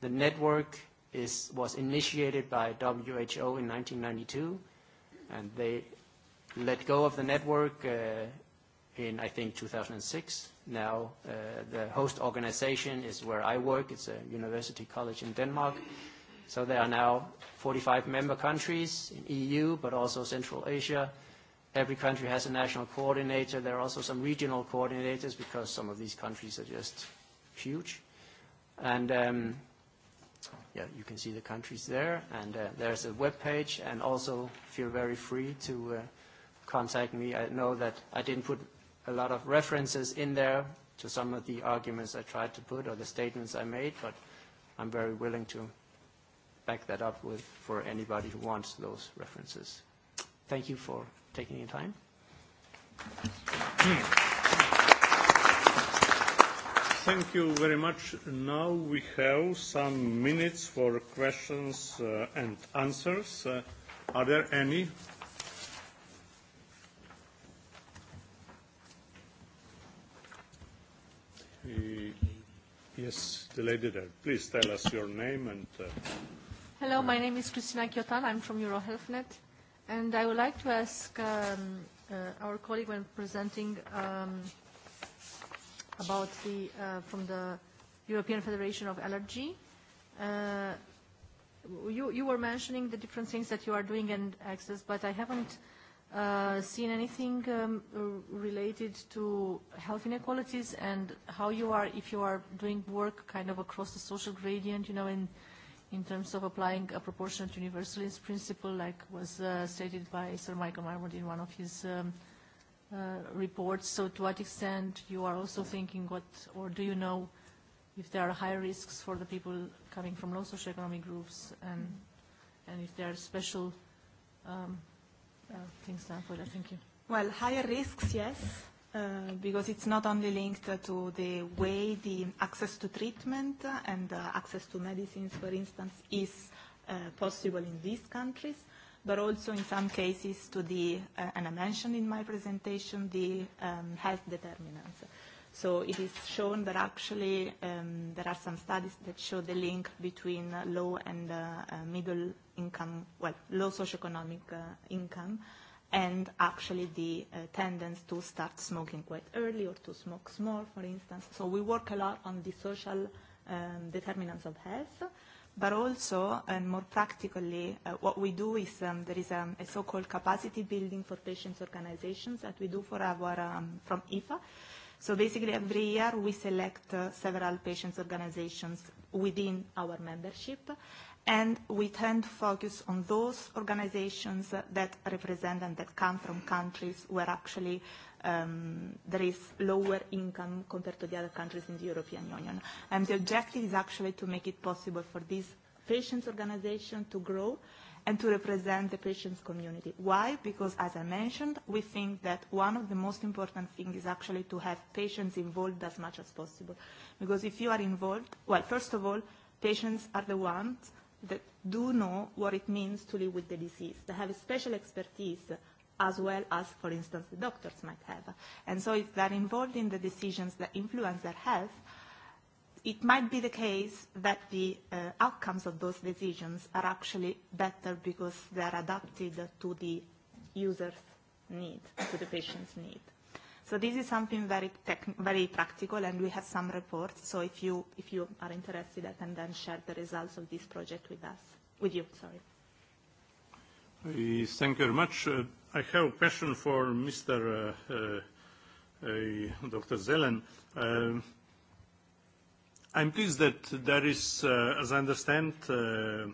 The network is, was initiated by WHO in 1992, and they let go of the network uh, in, I think, 2006. Now uh, the host organization is where I work. It's a university college in Denmark. So there are now 45 member countries in EU, but also Central Asia. Every country has a national coordinator. There are also some regional coordinators because some of these countries are just huge. And um, yeah, you can see the countries there. And uh, there's a web page, and also feel very free to uh, contact me. I know that I didn't put a lot of references in there to some of the arguments I tried to put or the statements I made, but I'm very willing to back that up with for anybody who wants those references. Thank you for taking your time. Thank you very much. Now we have some minutes for questions uh, and answers. Uh, are there any? Yes, the lady there. Please tell us your name and uh Hello, my name is Christina Kiotan. I'm from EuroHealthNet. And I would like to ask um, uh, our colleague when presenting um, about the, uh, from the European Federation of Allergy. Uh, you, you were mentioning the different things that you are doing and access, but I haven't uh, seen anything um, related to health inequalities and how you are, if you are doing work kind of across the social gradient, you know, in in terms of applying a proportionate universalist principle like was uh, stated by Sir Michael Marmot in one of his um, uh, reports. So to what extent you are also thinking what, or do you know if there are high risks for the people coming from low socioeconomic groups and, and if there are special um, uh, things done for that? Thank you. Well, higher risks, yes Uh, because it's not only linked to the way the access to treatment and uh, access to medicines, for instance, is uh, possible in these countries, but also in some cases to the, uh, and I mentioned in my presentation, the um, health determinants. So it is shown that actually um, there are some studies that show the link between low and uh, middle income, well, low socioeconomic uh, income and actually the uh, tendency to start smoking quite early or to smoke small, for instance. So we work a lot on the social um, determinants of health, but also, and more practically, uh, what we do is um, there is um, a so-called capacity building for patients' organizations that we do for our, um, from IFA. So basically every year we select uh, several patients' organizations within our membership and we tend to focus on those organizations that represent and that come from countries where actually um, there is lower income compared to the other countries in the European Union. And the objective is actually to make it possible for these patients' organization to grow and to represent the patient's community. Why? Because, as I mentioned, we think that one of the most important things is actually to have patients involved as much as possible. Because if you are involved, well, first of all, patients are the ones that do know what it means to live with the disease. They have a special expertise as well as, for instance, the doctors might have. And so if they're involved in the decisions that influence their health, it might be the case that the uh, outcomes of those decisions are actually better because they are adapted to the user's need, to the patient's need. So this is something very very practical, and we have some reports. So if you if you are interested, I can then share the results of this project with us, with you. Sorry. thank you very much. Uh, I have a question for Mr. Uh, uh Dr. Zelen. Um, I'm pleased that there is, uh, as I understand, uh,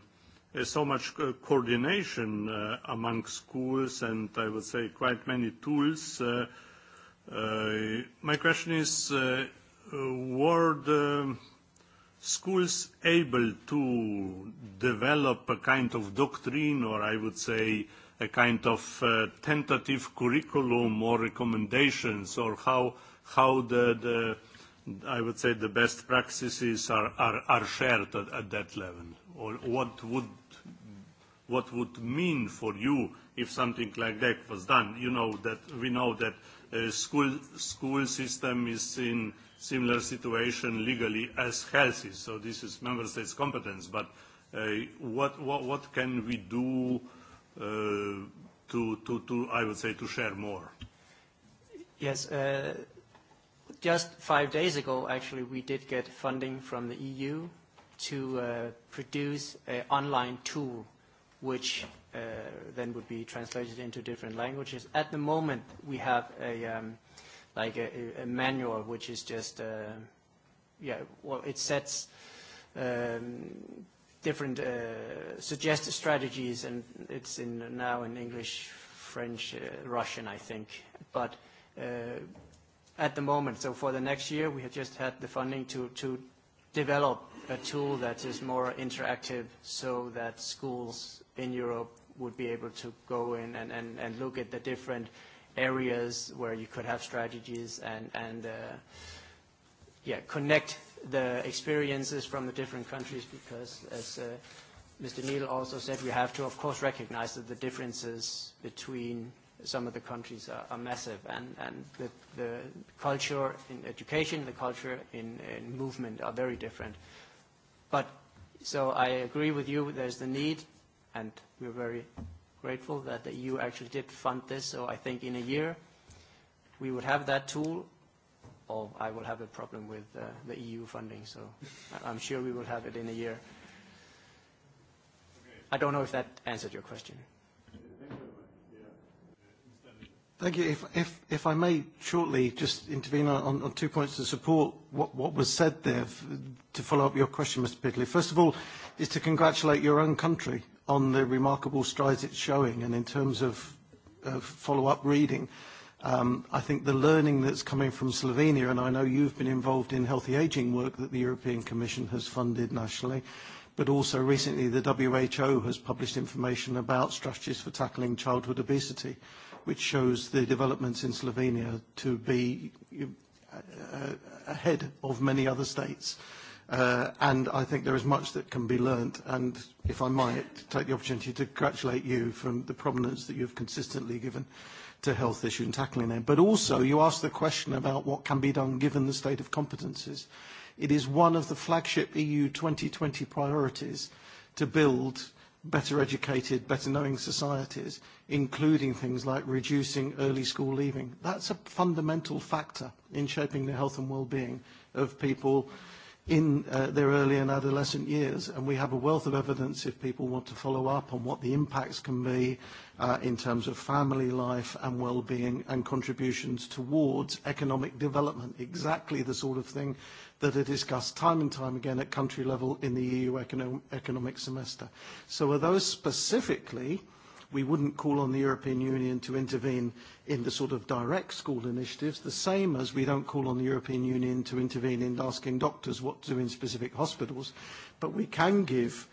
so much coordination among schools and I would say quite many tools Uh, my question is, uh, were the schools able to develop a kind of doctrine, or I would say a kind of uh, tentative curriculum or recommendations, or how, how the, the, I would say, the best practices are, are, are shared at, at that level? Or what would what would mean for you if something like that was done. You know that we know that uh, school school system is in similar situation legally as health so this is member states' competence. But uh, what, what what can we do uh, to to to I would say to share more? Yes. Uh, just five days ago, actually, we did get funding from the EU to uh, produce an online tool which uh, then would be translated into different languages. At the moment, we have a um, like a, manual which is just uh, yeah well it sets um, different uh, suggested strategies and it's in now in English, French, Russian I think, but. at the moment, so for the next year, we have just had the funding to, to develop a tool that is more interactive so that schools in Europe would be able to go in and, and, and look at the different areas where you could have strategies and, and uh, yeah, connect the experiences from the different countries because as uh, Mr. Neil also said, we have to of course recognize that the differences between some of the countries are, are massive and, and the, the culture in education, the culture in, in movement are very different. But so I agree with you, there's the need, and we're very grateful that the EU actually did fund this. So I think in a year, we would have that tool, or I will have a problem with uh, the EU funding. So I'm sure we will have it in a year. I don't know if that answered your question. Thank you. If, if, if I may shortly just intervene on, on two points to support what, what was said there to follow up your question, Mr. Pidley. First of all, is to congratulate your own country on the remarkable strides it's showing. And in terms of, follow-up reading, um, I think the learning that's coming from Slovenia, and I know you've been involved in healthy aging work that the European Commission has funded nationally, but also recently the WHO has published information about strategies for tackling childhood obesity which shows the developments in Slovenia to be uh, ahead of many other states. Uh, and I think there is much that can be learnt. And if I might, take the opportunity to congratulate you from the prominence that you've consistently given to health issues and tackling them. But also, you asked the question about what can be done given the state of competences. It is one of the flagship EU 2020 priorities to build better educated, better knowing societies, including things like reducing early school leaving. That's a fundamental factor in shaping the health and well-being of people in uh, their early and adolescent years. And we have a wealth of evidence if people want to follow up on what the impacts can be uh, in terms of family life and well-being and contributions towards economic development, exactly the sort of thing that are discussed time and time again at country level in the EU economic semester. So are those specifically, we wouldn't call on the European Union to intervene in the sort of direct school initiatives, the same as we don't call on the European Union to intervene in asking doctors what to do in specific hospitals, but we can give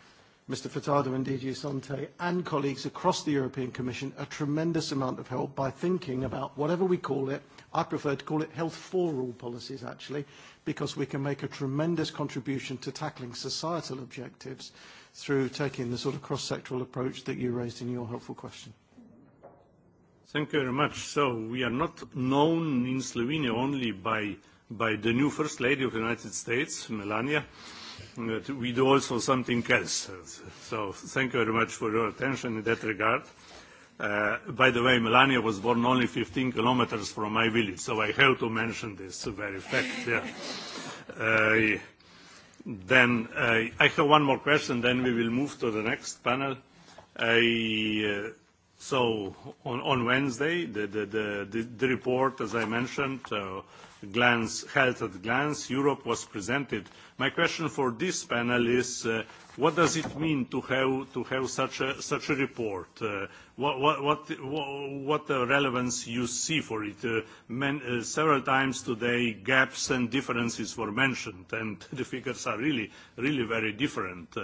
Mr. Furtado and DG Sante and colleagues across the European Commission a tremendous amount of help by thinking about whatever we call it, i prefer to call it health for all policies, actually, because we can make a tremendous contribution to tackling societal objectives through taking the sort of cross-sectoral approach that you raised in your helpful question. Thank you very much. So we are not known in Slovenia only by, by the new First Lady of the United States, Melania. We do also something else. So thank you very much for your attention in that regard. Uh, by the way, Melania was born only 15 kilometers from my village, so I have to mention this very fact. Yeah. Uh, then uh, I have one more question, then we will move to the next panel. I, uh, so on, on Wednesday, the, the, the, the report, as I mentioned, uh, glance, health at glance, Europe was presented. My question for this panel is, uh, what does it mean to have, to have such, a, report? Uh, what, what, what, relevance you see for it? Uh, several times today, gaps and differences were mentioned, and the figures are really, really very different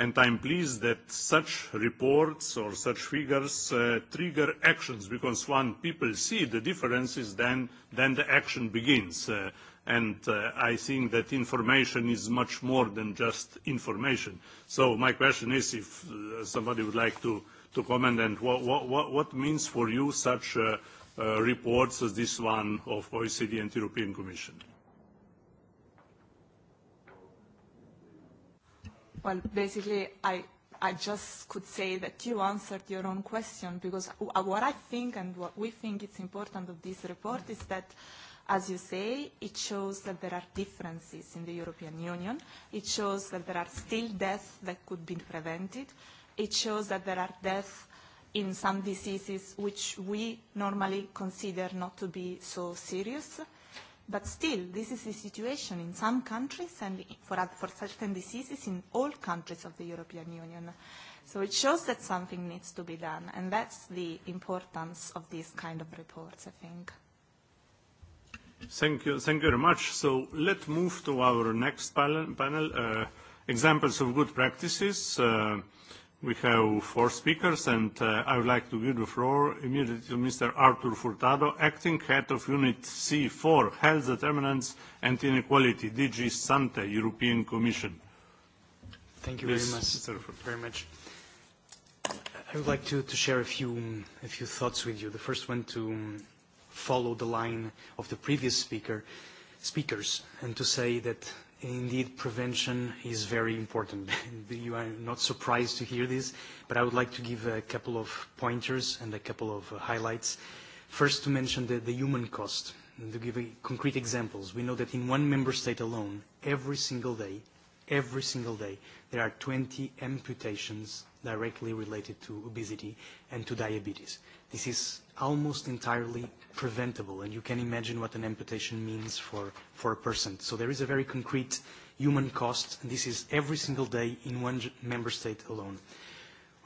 and i am pleased that such reports or such figures uh, trigger actions because when people see the differences then, then the action begins uh, and uh, i think that information is much more than just information. so my question is if somebody would like to, to comment and what, what, what means for you such reports as this one of oecd and european commission? Well, basically, I, I just could say that you answered your own question because uh, what I think and what we think is important of this report is that As you say, it shows that there are differences in the European Union. It shows that there are still deaths that could be prevented. It shows that there are deaths in some diseases which we normally consider not to be so serious. But still, this is the situation in some countries and for, for certain diseases in all countries of the European Union. So it shows that something needs to be done, and that's the importance of these kind of reports, I think. Thank you, thank you very much. So let's move to our next panel, uh, examples of good practices. Uh, We have four speakers, and uh, I would like to give the floor immediately to Mr. Arthur Furtado, Acting Head of Unit C4, Health Determinants and Inequality, DG SANTE, European Commission. Thank you very much. Mr. Very much. I would like to, to share a few, a few thoughts with you. The first one to follow the line of the previous speaker, speakers, and to say that Indeed, prevention is very important. you are not surprised to hear this, but I would like to give a couple of pointers and a couple of uh, highlights. First, to mention the, the human cost. And to give concrete examples, we know that in one member state alone, every single day, every single day, there are 20 amputations directly related to obesity and to diabetes. This is almost entirely preventable. And you can imagine what an amputation means for, a person. So there is a very concrete human cost, and this is every single day in one member state alone.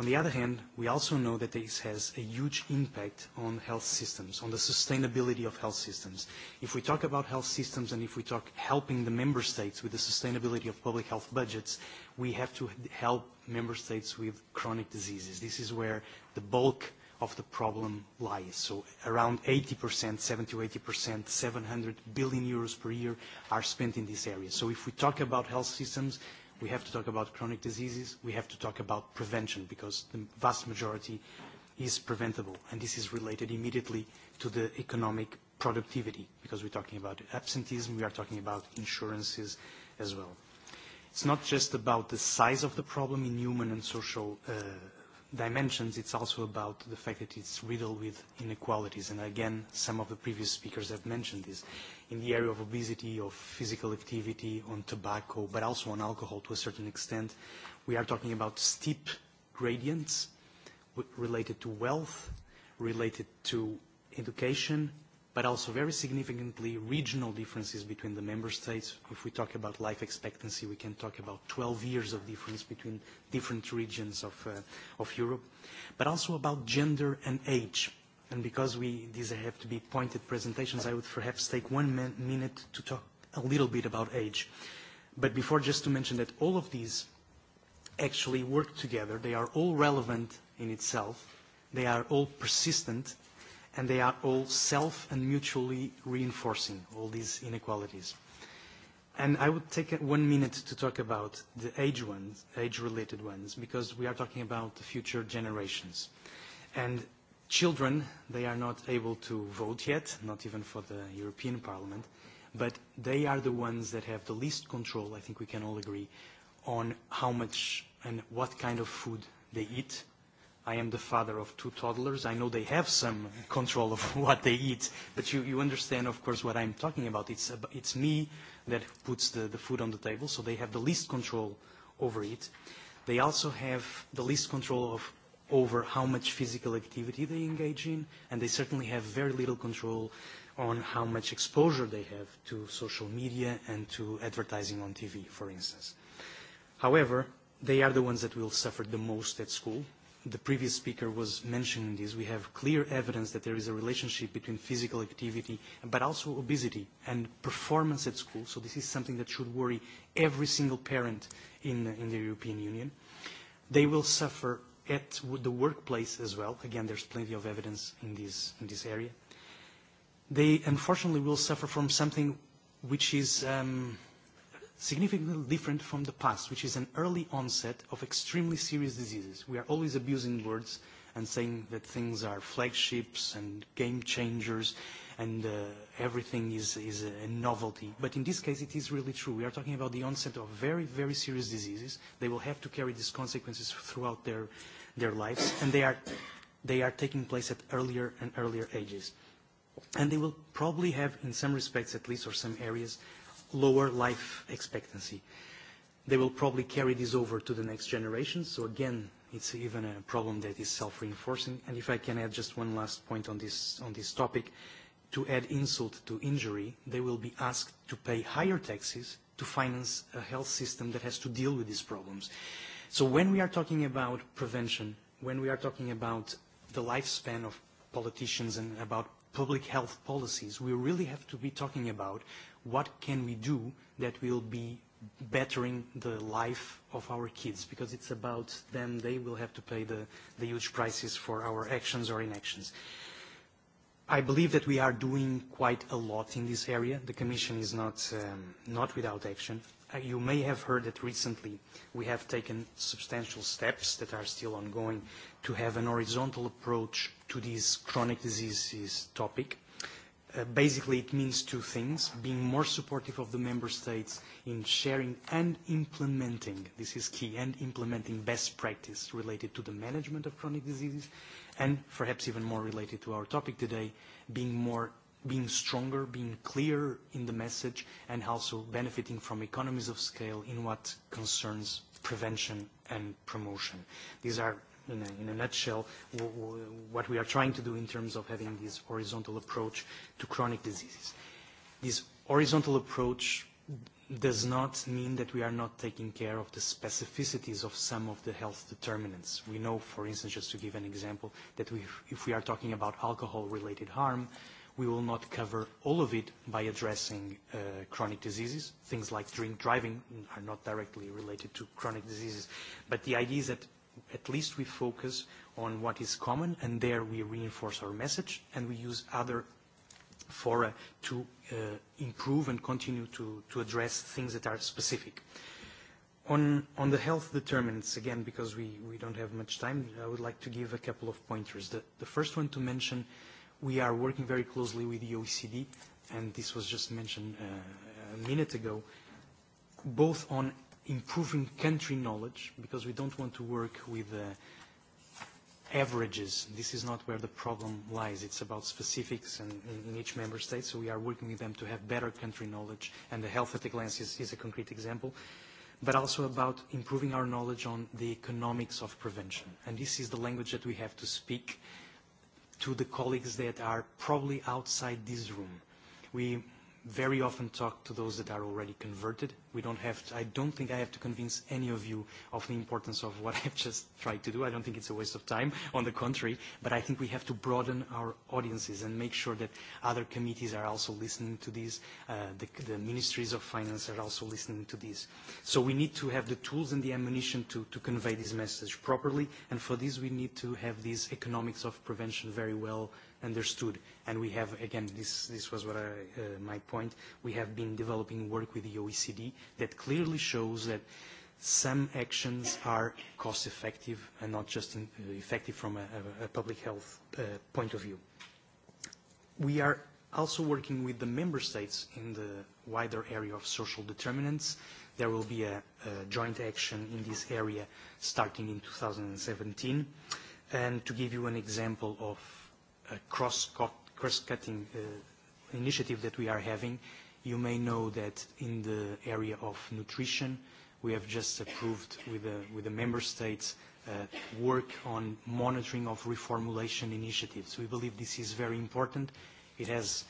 On the other hand, we also know that this has a huge impact on health systems, on the sustainability of health systems. If we talk about health systems and if we talk helping the member states with the sustainability of public health budgets, we have to help member states with chronic diseases. This is where the bulk of the problem lies. So around 80%, 70 to 80%, 700 billion euros per year are spent in this area. So if we talk about health systems, we have to talk about chronic diseases, we have to talk about prevention because the vast majority is preventable. And this is related immediately to the economic productivity because we're talking about absenteeism, we are talking about insurances as well. It's not just about the size of the problem in human and social uh, dimensions, it's also about the fact that it's riddled with inequalities. And again, some of the previous speakers have mentioned this in the area of obesity, of physical activity, on tobacco, but also on alcohol to a certain extent. We are talking about steep gradients related to wealth, related to education, but also very significantly regional differences between the member states. If we talk about life expectancy, we can talk about 12 years of difference between different regions of, uh, of Europe, but also about gender and age. And because we, these have to be pointed presentations, I would perhaps take one minute to talk a little bit about age. But before, just to mention that all of these actually work together. They are all relevant in itself. They are all persistent and they are all self and mutually reinforcing all these inequalities. And I would take one minute to talk about the age ones, age-related ones, because we are talking about the future generations. And children, they are not able to vote yet, not even for the European Parliament, but they are the ones that have the least control, I think we can all agree, on how much and what kind of food they eat i am the father of two toddlers. I know they have some control of what they eat, but you, you understand, of course, what I'm talking about. It's, it's me that puts the, the food on the table, so they have the least control over it. They also have the least control of, over how much physical activity they engage in, and they certainly have very little control on how much exposure they have to social media and to advertising on TV, for instance. However, they are the ones that will suffer the most at school the previous speaker was mentioning this, we have clear evidence that there is a relationship between physical activity but also obesity and performance at school. So this is something that should worry every single parent in, in the European Union. They will suffer at the workplace as well. Again, there's plenty of evidence in this, in this area. They unfortunately will suffer from something which is um, – significantly different from the past, which is an early onset of extremely serious diseases. We are always abusing words and saying that things are flagships and game changers and uh, everything is, is a novelty. But in this case, it is really true. We are talking about the onset of very, very serious diseases. They will have to carry these consequences throughout their, their lives, and they are, they are taking place at earlier and earlier ages. And they will probably have, in some respects at least, or some areas, lower life expectancy. They will probably carry this over to the next generation. So again, it's even a problem that is self-reinforcing. And if I can add just one last point on this, on this topic, to add insult to injury, they will be asked to pay higher taxes to finance a health system that has to deal with these problems. So when we are talking about prevention, when we are talking about the lifespan of politicians and about public health policies, we really have to be talking about what can we do that will be bettering the life of our kids because it's about them they will have to pay the, the huge prices for our actions or inactions. I believe that we are doing quite a lot in this area. The Commission is not, um, not without action. Uh, you may have heard that recently we have taken substantial steps that are still ongoing to have an horizontal approach to this chronic diseases topic Uh, basically, it means two things, being more supportive of the member states in sharing and implementing, this is key, and implementing best practice related to the management of chronic diseases, and perhaps even more related to our topic today, being more being stronger, being clear in the message, and also benefiting from economies of scale in what concerns prevention and promotion. These are in a, nutshell what we are trying to do in terms of having this horizontal approach to chronic diseases. This horizontal approach does not mean that we are not taking care of the specificities of some of the health determinants. We know, for instance, just to give an example, that we, if we are talking about alcohol-related harm, we will not cover all of it by addressing uh, chronic diseases. Things like drink driving are not directly related to chronic diseases. But the idea is that at least we focus on what is common, and there we reinforce our message, and we use other fora to uh, improve and continue to, to address things that are specific. On, on the health determinants, again, because we, we don't have much time, I would like to give a couple of pointers. The, first one to mention, we are working very closely with the OECD, and this was just mentioned uh, a minute ago, both on improving country knowledge because we don't want to work with uh, averages. This is not where the problem lies. It's about specifics and in each member state, so we are working with them to have better country knowledge, and the health at a glance is, is a concrete example, but also about improving our knowledge on the economics of prevention. And this is the language that we have to speak to the colleagues that are probably outside this room. We very often talk to those that are already converted. We don't have to, I don't think I have to convince any of you of the importance of what I've just tried to do. I don't think it's a waste of time, on the contrary, but I think we have to broaden our audiences and make sure that other committees are also listening to these, uh, the, the ministries of finance are also listening to these. So we need to have the tools and the ammunition to, to convey this message properly, and for this we need to have these economics of prevention very well understood. And we have, again, this, this was what I, uh, my point, we have been developing work with the OECD that clearly shows that some actions are cost effective and not just uh, effective from a, public health uh, point of view. We are also working with the member states in the wider area of social determinants. There will be a, a joint action in this area starting in 2017. And to give you an example of cross-cutting uh, initiative that we are having. You may know that in the area of nutrition, we have just approved with the, with the member states uh, work on monitoring of reformulation initiatives. We believe this is very important. It has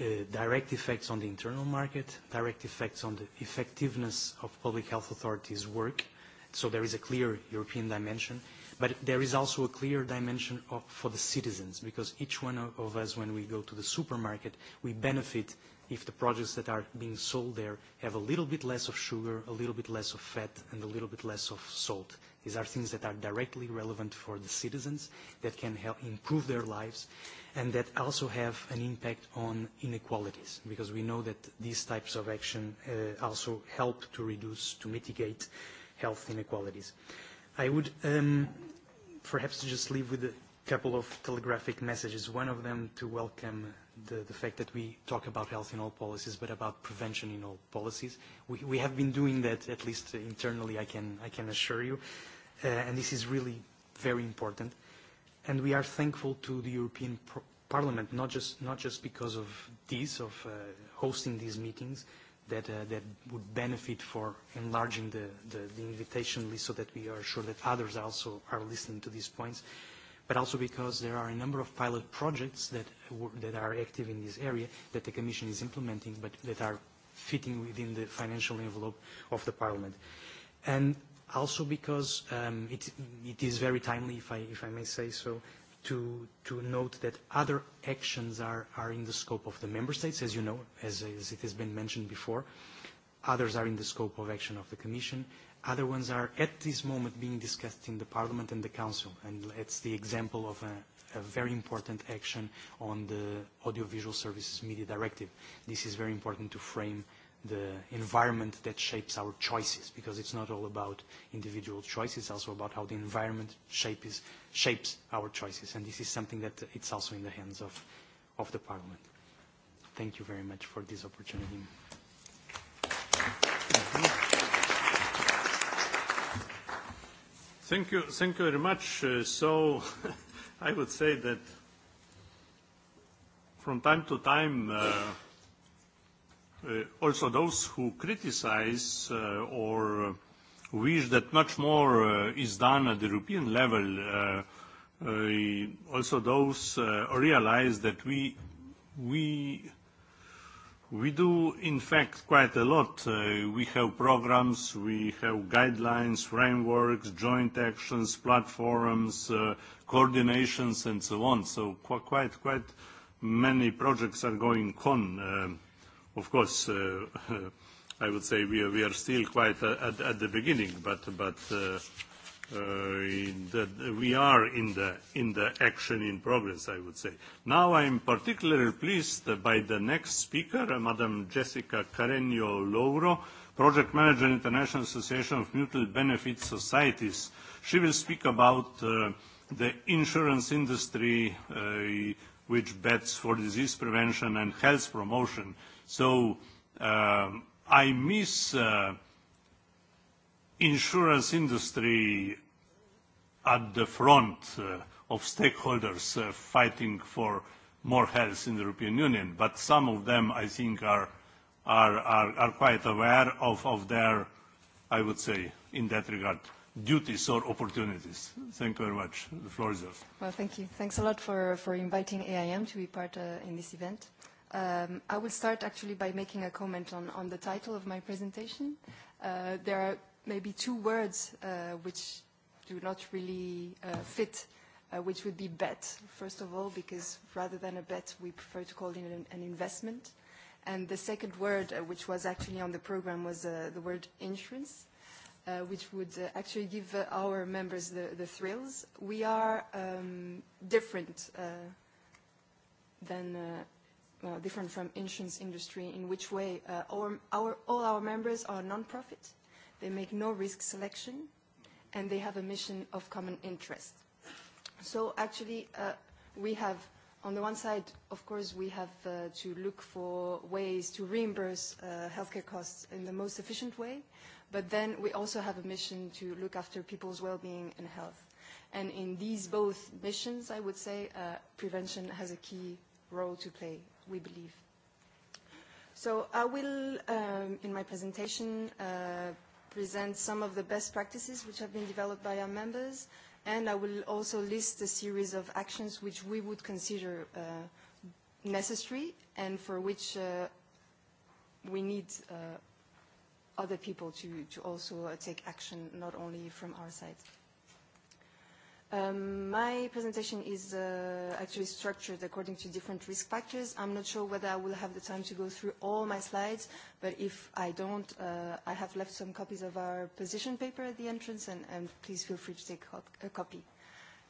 uh, direct effects on the internal market, direct effects on the effectiveness of public health authorities' work, so there is a clear European dimension, But there is also a clear dimension of, for the citizens, because each one of us, when we go to the supermarket, we benefit if the products that are being sold there have a little bit less of sugar, a little bit less of fat, and a little bit less of salt. These are things that are directly relevant for the citizens, that can help improve their lives, and that also have an impact on inequalities, because we know that these types of action uh, also help to reduce, to mitigate health inequalities. I would um, perhaps just leave with a couple of telegraphic messages. One of them to welcome the, the fact that we talk about health in all policies, but about prevention in all policies. We, we have been doing that, at least internally, I can, I can assure you. Uh, and this is really very important. And we are thankful to the European Parliament, not just, not just because of this, of uh, hosting these meetings, that, uh, that would benefit for enlarging the, the, the invitation list so that we are sure that others also are listening to these points, but also because there are a number of pilot projects that, that are active in this area that the Commission is implementing but that are fitting within the financial envelope of the Parliament. And also because um, it, it is very timely, if I, if I may say so, to, to note that other actions are, are in the scope of the member states, as you know, as, as it has been mentioned before. Others are in the scope of action of the Commission. Other ones are at this moment being discussed in the Parliament and the Council. And it's the example of a, a very important action on the Audiovisual Services Media Directive. This is very important to frame the environment that shapes our choices, because it's not all about individual choices, it's also about how the environment shape is, shapes our choices. And this is something that it's also in the hands of, of the Parliament. Thank you very much for this opportunity. Thank you, thank you very much. Uh, so I would say that from time to time, uh, Uh, also those who criticize uh, or wish that much more uh, is done at the European level, also those realize that we, we We do, in fact, quite a lot. we have programs, we have guidelines, frameworks, joint actions, platforms, coordinations, and so on. So quite, quite many projects are going on. Of course, uh, I would say we are, we are still quite at, the beginning, but, but uh, uh, we are in the in the action in progress, I would say. Now I am particularly pleased by the next speaker, Madam Jessica Carreño Louro, Project Manager, International Association of Mutual Benefit Societies. She will speak about the insurance industry, which bets for disease prevention and health promotion So um, I miss uh, insurance industry at the front uh, of stakeholders uh, fighting for more health in the European Union, but some of them, I think, are, are, are, are quite aware of, of their, I would say, in that regard, duties or opportunities. Thank you very much. The floor is yours. Well, thank you. Thanks a lot for, for inviting AIM to be part uh, in this event. Um, I will start actually by making a comment on, on the title of my presentation. Uh, there are maybe two words uh, which do not really uh, fit, uh, which would be bet, first of all, because rather than a bet, we prefer to call it an, an investment. And the second word, uh, which was actually on the program, was uh, the word insurance. Uh, which would uh, actually give uh, our members the, the thrills. We are um, different than uh, different from insurance industry in which way uh, our, our, all our members are non-profit, they make no risk selection, and they have a mission of common interest. So actually, uh, we have, on the one side, of course, we have uh, to look for ways to reimburse uh, healthcare costs in the most efficient way, but then we also have a mission to look after people's well-being and health. And in these both missions, I would say, uh, prevention has a key role to play, we believe. So I will, um, in my presentation, uh, present some of the best practices which have been developed by our members, and I will also list a series of actions which we would consider uh, necessary and for which uh, we need uh, other people to, to also uh, take action, not only from our side. Um, my presentation is uh, actually structured according to different risk factors. I'm not sure whether I will have the time to go through all my slides, but if I don't, uh, I have left some copies of our position paper at the entrance, and, and please feel free to take a copy.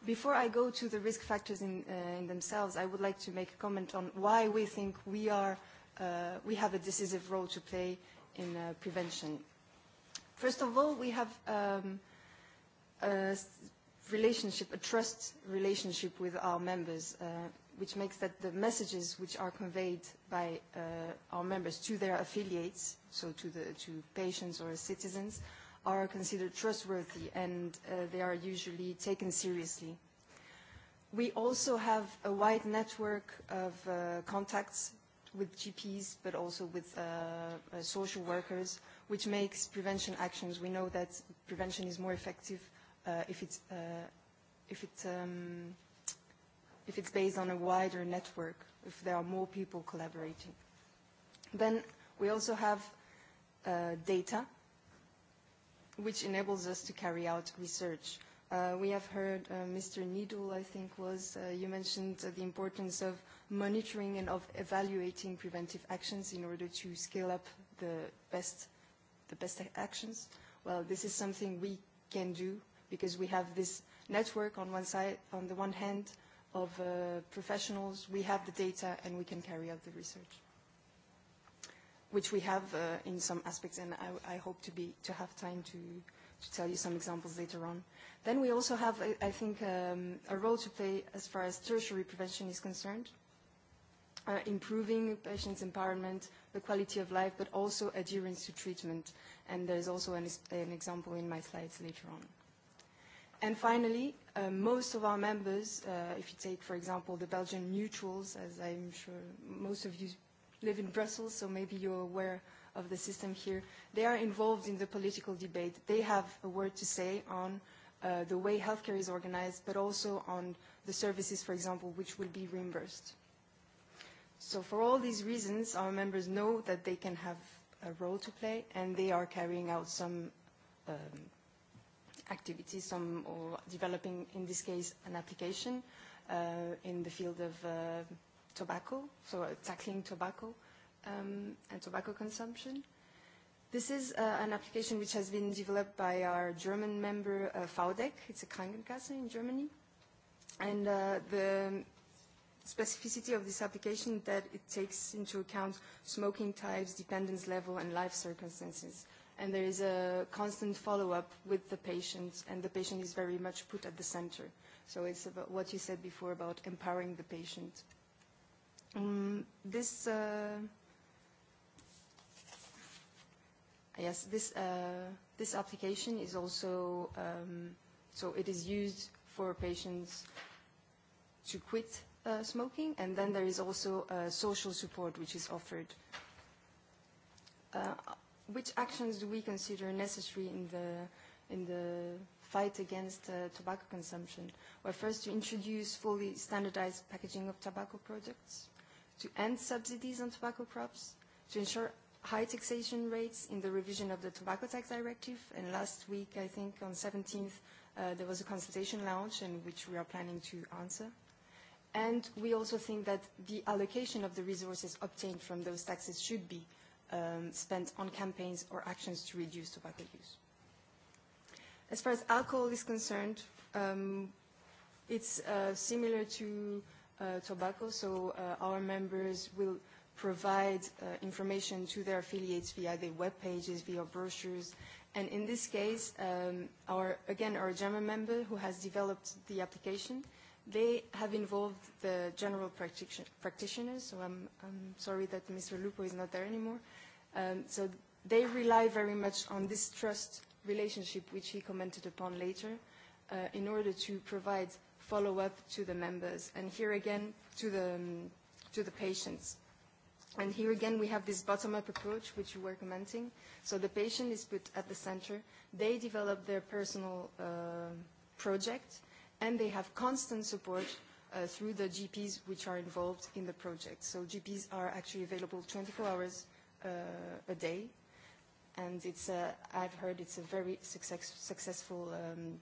Before I go to the risk factors in, uh, in themselves, I would like to make a comment on why we think we, are, uh, we have a decisive role to play in uh, prevention. First of all, we have um, uh, relationship, a trust relationship with our members, uh, which makes that the messages which are conveyed by uh, our members to their affiliates, so to, the, to patients or citizens, are considered trustworthy and uh, they are usually taken seriously. We also have a wide network of uh, contacts with GPs, but also with uh, uh, social workers, which makes prevention actions. We know that prevention is more effective Uh, if it's uh, if it's um, if it's based on a wider network, if there are more people collaborating. Then we also have uh, data, which enables us to carry out research. Uh, we have heard uh, Mr. Needle, I think, was uh, you mentioned uh, the importance of monitoring and of evaluating preventive actions in order to scale up the best the best actions. Well, this is something we can do because we have this network on one side, on the one hand, of uh, professionals. We have the data and we can carry out the research, which we have uh, in some aspects, and I, I hope to, be, to have time to, to tell you some examples later on. Then we also have, I, think, um, a role to play as far as tertiary prevention is concerned. Uh, improving patients' empowerment, the quality of life, but also adherence to treatment. And there's also an, an example in my slides later on. And finally, uh, most of our members, uh, if you take, for example, the Belgian mutuals, as I'm sure most of you live in Brussels, so maybe you're aware of the system here, they are involved in the political debate. They have a word to say on uh, the way healthcare is organized, but also on the services, for example, which will be reimbursed. So for all these reasons, our members know that they can have a role to play, and they are carrying out some um, activities, some or developing, in this case, an application uh, in the field of uh, tobacco, so uh, tackling tobacco um, and tobacco consumption. This is uh, an application which has been developed by our German member, uh, VDEC. It's a Krankenkasse in Germany. And uh, the specificity of this application that it takes into account smoking types, dependence level, and life circumstances and there is a constant follow-up with the patient, and the patient is very much put at the center. So it's about what you said before about empowering the patient. Um, this, uh, yes, this, uh, this application is also, um, so it is used for patients to quit uh, smoking, and then there is also uh, social support which is offered. Uh, which actions do we consider necessary in the, in the fight against uh, tobacco consumption? Well, first, to introduce fully standardized packaging of tobacco products, to end subsidies on tobacco crops, to ensure high taxation rates in the revision of the Tobacco Tax Directive. And last week, I think on 17th, uh, there was a consultation launch in which we are planning to answer. And we also think that the allocation of the resources obtained from those taxes should be um, spent on campaigns or actions to reduce tobacco use. As far as alcohol is concerned, um, it's uh, similar to uh, tobacco, so uh, our members will provide uh, information to their affiliates via their web pages, via brochures. And in this case, um, our, again, our German member who has developed the application They have involved the general practitioners, so I'm, I'm sorry that Mr. Lupo is not there anymore. Um, so they rely very much on this trust relationship, which he commented upon later, uh, in order to provide follow-up to the members, and here again to the, um, to the patients. And here again, we have this bottom-up approach, which you were commenting. So the patient is put at the center. They develop their personal uh, project, and they have constant support uh, through the GPs which are involved in the project. So GPs are actually available 24 hours uh, a day, and it's a, uh, I've heard it's a very successful um,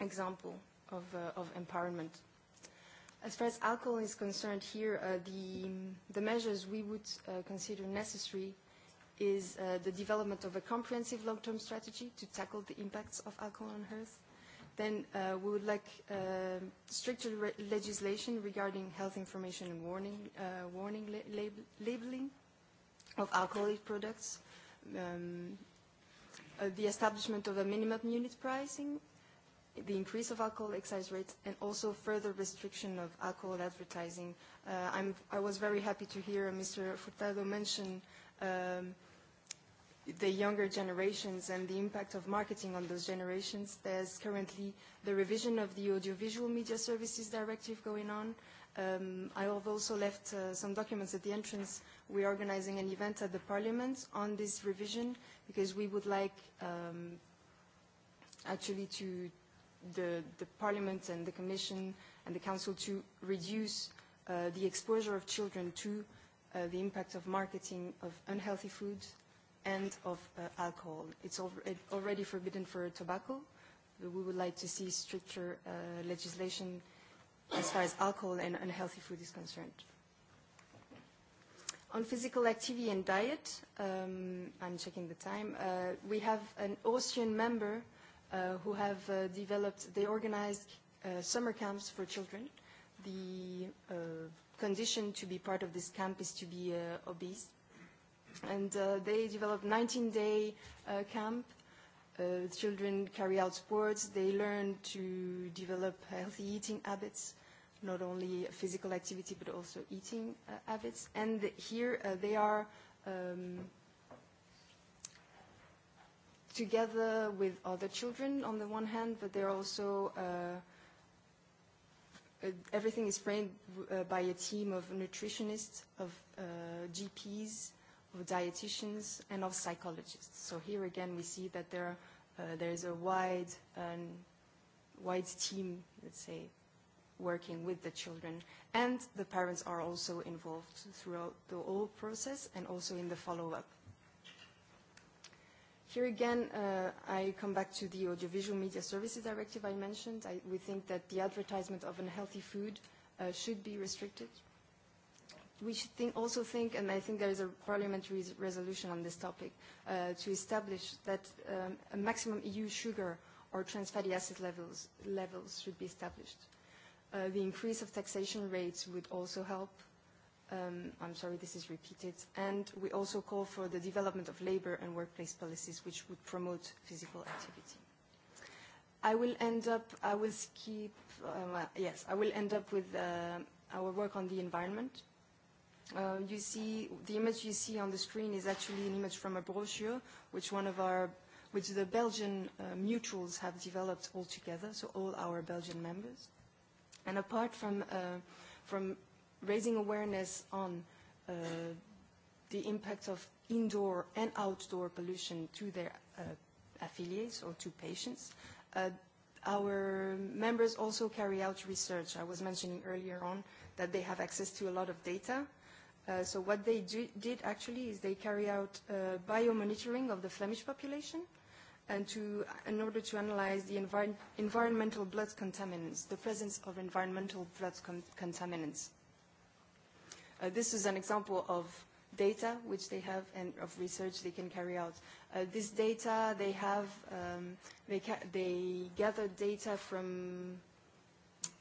example of, of empowerment. As far as alcohol is concerned here, the, the measures we would consider necessary is the development of a comprehensive long-term strategy to tackle the impacts of alcohol on health, Then uh, we would like uh, stricter legislation regarding health information and warning, uh, warning labeling of alcoholic products, um, uh, the establishment of a minimum unit pricing, the increase of alcohol excise rates, and also further restriction of alcohol advertising. Uh, I'm, I was very happy to hear Mr. Furtado mention um, the younger generations and the impact of marketing on those generations. There's currently the revision of the Audiovisual Media Services Directive going on. Um, I have also left uh, some documents at the entrance. We are organizing an event at the Parliament on this revision because we would like um, actually to the, the Parliament and the Commission and the Council to reduce uh, the exposure of children to uh, the impact of marketing of unhealthy foods and of uh, alcohol. It's already forbidden for tobacco. we would like to see stricter uh, legislation as far as alcohol and unhealthy food is concerned. On physical activity and diet, um, I'm checking the time, uh, we have an Austrian member uh, who have uh, developed, they organized uh, summer camps for children. The uh, condition to be part of this camp is to be uh, obese and uh, they develop 19-day uh, camp. Uh, children carry out sports. They learn to develop healthy eating habits, not only physical activity but also eating uh, habits. And here uh, they are um, together with other children on the one hand, but they're also uh, uh everything is framed uh, by a team of nutritionists, of uh, GPs, of dietitians, and of psychologists. So here again, we see that there, uh, there is a wide, um, wide team, let's say, working with the children. And the parents are also involved throughout the whole process and also in the follow-up. Here again, uh, I come back to the Audiovisual Media Services Directive I mentioned. I, we think that the advertisement of unhealthy food uh, should be restricted we should think, also think, and I think there is a parliamentary resolution on this topic, uh, to establish that um, a maximum EU sugar or trans fatty acid levels, levels should be established. Uh, the increase of taxation rates would also help. Um, I'm sorry, this is repeated. And we also call for the development of labor and workplace policies which would promote physical activity. I will end up, I will skip, uh, yes, I will end up with uh, our work on the environment Uh, you see the image you see on the screen is actually an image from a brochure which one of our which the Belgian uh, mutuals have developed all together, so all our Belgian members. And apart from uh, from raising awareness on uh, the impact of indoor and outdoor pollution to their uh, affiliates or to patients, uh, our members also carry out research. I was mentioning earlier on that they have access to a lot of data Uh, so what they do, did actually is they carry out uh, biomonitoring of the Flemish population and to, in order to analyze the envir environmental blood contaminants, the presence of environmental blood con contaminants. Uh, this is an example of data which they have and of research they can carry out. Uh, this data they have, um, they, ca they gather data from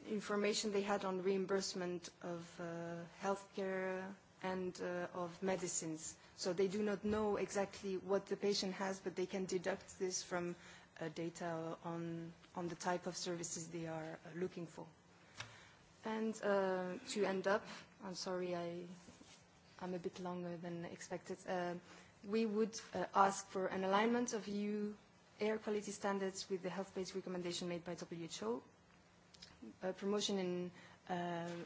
information they had on reimbursement of uh, healthcare and uh, of medicines. So they do not know exactly what the patient has, but they can deduct this from uh, data on, on the type of services they are uh, looking for. And uh, to end up, I'm sorry, I, I'm a bit longer than expected. Uh, we would uh, ask for an alignment of EU air quality standards with the health-based recommendation made by WHO, uh, promotion in Um,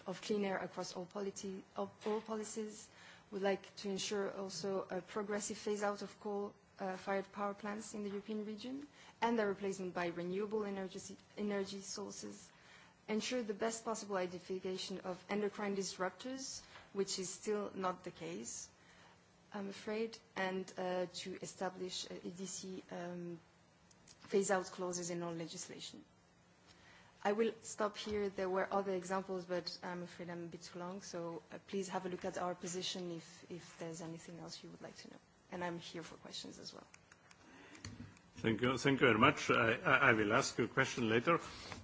of clean air across all, policies. of all policies. We'd like to ensure also a progressive phase-out of coal-fired uh, power plants in the European region and their replacement by renewable energy, energy sources. Ensure the best possible identification of endocrine disruptors, which is still not the case, I'm afraid, and uh, to establish EDC um, phase-out clauses in all legislation. I will stop here. There were other examples, but I'm afraid I'm a bit too long. So uh, please have a look at our position if, if there's anything else you would like to know. And I'm here for questions as well. Thank you. Thank you very much. I, I will ask you a question later.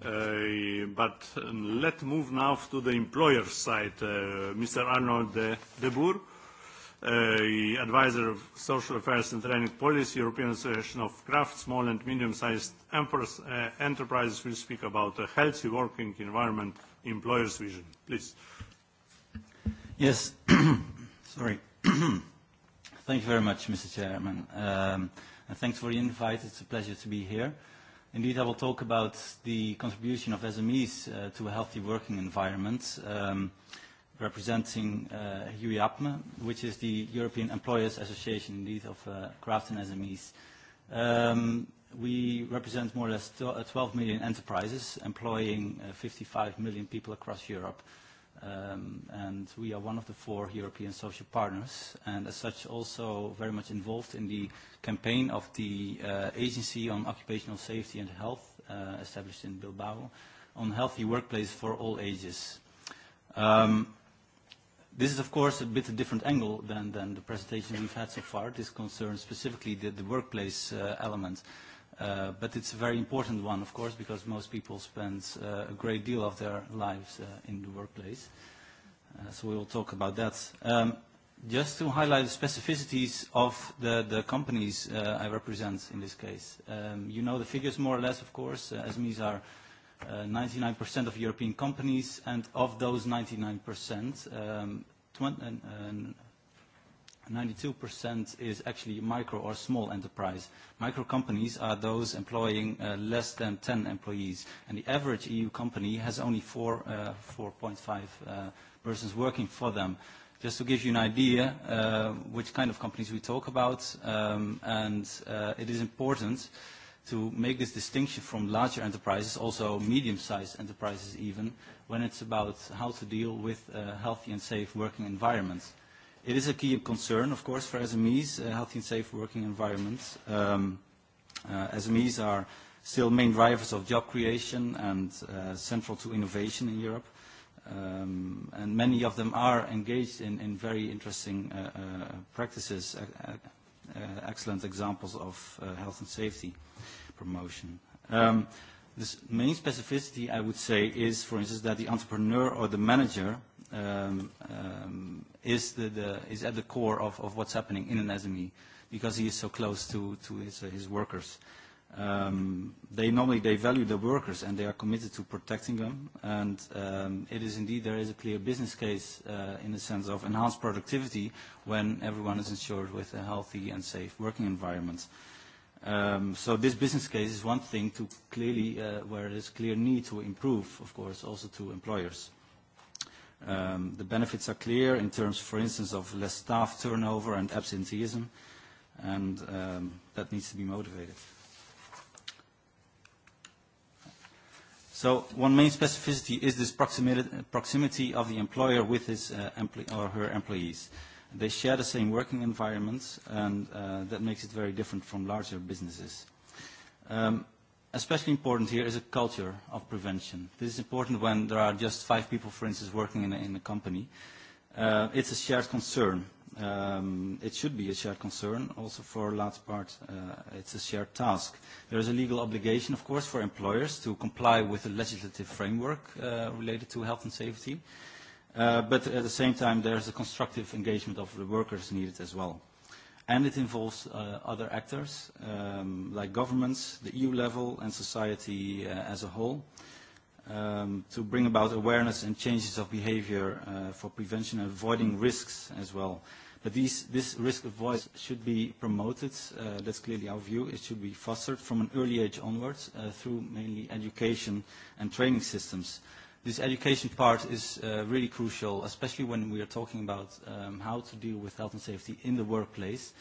Uh, but um, let's move now to the employer side. Uh, Mr. Arnold de, de Boer uh, advisor of social affairs and training policy, European Association of Craft, small and medium-sized uh, enterprises will speak about a healthy working environment employer's vision. Please. Yes. Sorry. Thank you very much, Mr. Chairman. Um, and thanks for the invite. It's a pleasure to be here. Indeed, I will talk about the contribution of SMEs uh, to a healthy working environment. Um, representing uh, which is the European Employers Association, indeed, of uh, craft and SMEs. Um, we represent more or less 12 uh, million enterprises, employing uh, 55 million people across Europe. Um, and we are one of the four European social partners, and as such also very much involved in the campaign of the uh, Agency on Occupational Safety and Health, uh, established in Bilbao, on healthy workplace for all ages. Um, This is, of course, a bit a different angle than, than the presentation we've had so far. This concerns specifically the, the workplace uh, element. Uh, but it's a very important one, of course, because most people spend uh, a great deal of their lives uh, in the workplace. Uh, so we will talk about that. Um, just to highlight the specificities of the, the companies uh, I represent in this case. Um, you know the figures more or less, of course. Uh, SMEs are 99% uh, of European companies, and of those 99%, um, 92% uh, uh, is actually micro or small enterprise. Micro companies are those employing uh, less than 10 employees, and the average EU company has only 4.5 uh, uh, persons working for them. Just to give you an idea which kind of companies we talk about, um, and it is important to make this distinction from larger enterprises, also medium-sized enterprises even, when it's about how to deal with a uh, healthy and safe working environments. It is a key concern, of course, for SMEs, a uh, healthy and safe working environments. Um, uh, SMEs are still main drivers of job creation and uh, central to innovation in Europe. Um, and many of them are engaged in, in very interesting uh, uh, practices, uh, uh excellent examples of health and safety promotion. Um, the main specificity, I would say, is, for instance, that the entrepreneur or the manager um, um, is, the, the, is at the core of, of what's happening in an SME because he is so close to, to his, uh, his workers. Um, they normally they value the workers and they are committed to protecting them. And um, it is indeed there is a clear business case uh, in the sense of enhanced productivity when everyone is insured with a healthy and safe working environment. Um, so this business case is one thing to clearly, uh, where there's clear need to improve, of course, also to employers. Um, the benefits are clear in terms, for instance, of less staff turnover and absenteeism, and um, that needs to be motivated. So one main specificity is this proximity, of the employer with his uh, or her employees. They share the same working environments, and uh, that makes it very different from larger businesses. Um, especially important here is a culture of prevention. This is important when there are just five people, for instance, working in a, in a company. Uh, it's a shared concern. Um, it should be a shared concern. Also, for a large part, uh, it's a shared task. There is a legal obligation, of course, for employers to comply with the legislative framework uh, related to health and safety. Uh, but at the same time, there is a constructive engagement of the workers needed as well. And it involves uh, other actors, um, like governments, the EU level, and society uh, as a whole, um, to bring about awareness and changes of behavior uh, for prevention and avoiding risks as well. But these, this risk voice should be promoted. Uh, that's clearly our view. It should be fostered from an early age onwards uh, through mainly education and training systems this education part is uh, really crucial, especially when we are talking about um, how to deal with health and safety in the workplace.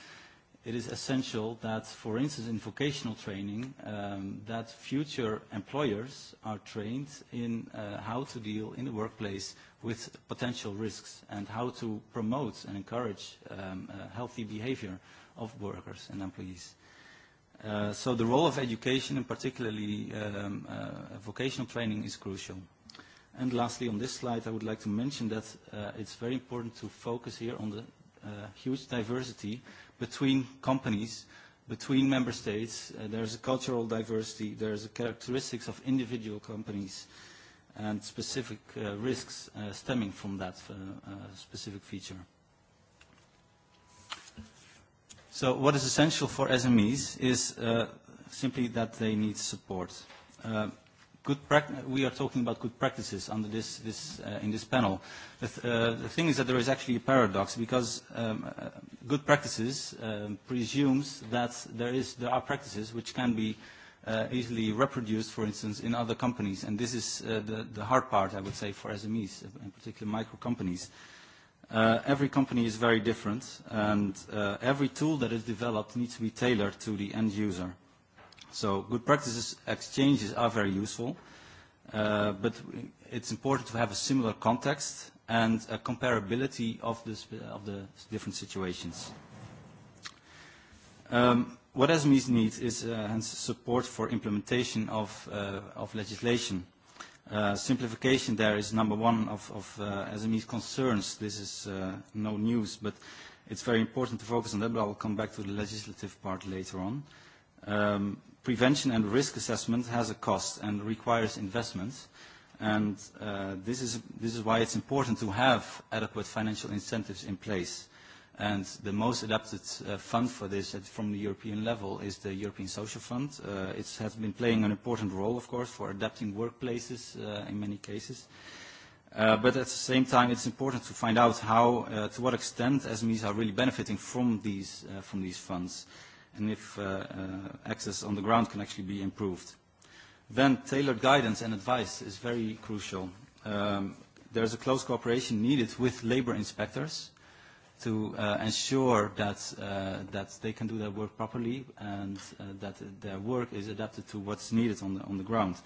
It is essential that, for instance, in vocational training, um, that future employers are trained in uh, how to deal in the workplace with potential risks and how to promote and encourage um, uh, healthy behavior of workers and employees. Uh, so the role of education and particularly um, uh, vocational training is crucial. And lastly, on this slide, I would like to mention that uh, it's very important to focus here on the uh, huge diversity between companies, between member states. Uh, there is a cultural diversity. there is a characteristics of individual companies and specific risks stemming from that specific feature. So what is essential for SMEs is simply that they need support good we are talking about good practices under this, this, uh, in this panel. The, th uh, the thing is that there is actually a paradox because um, uh, good practices um, presumes that there, is, there are practices which can be uh, easily reproduced, for instance, in other companies. And this is uh, the, the hard part, I would say, for SMEs, in particular micro companies. Uh, every company is very different, and uh, every tool that is developed needs to be tailored to the end user. So good practices exchanges are very useful, uh, but it's important to have a similar context and a comparability of the, of the different situations. Um, what SMEs need is uh, hence support for implementation of, uh, of legislation. Uh, simplification there is number one of, of uh, SMEs concerns. This is uh, no news, but it's very important to focus on that, but I'll come back to the legislative part later on. Um, prevention and risk assessment has a cost and requires investments. And uh, this, is, this is why it's important to have adequate financial incentives in place. And the most adapted uh, fund for this at, from the European level is the European Social Fund. Uh, it has been playing an important role, of course, for adapting workplaces uh, in many cases. Uh, but at the same time, it's important to find out how, uh, to what extent SMEs are really benefiting from these, uh, from these funds and if uh, uh, access on the ground can actually be improved. Then tailored guidance and advice is very crucial. Um, there is a close cooperation needed with labor inspectors to uh, ensure that, uh, that they can do their work properly and uh, that their work is adapted to what's needed on the, on the ground.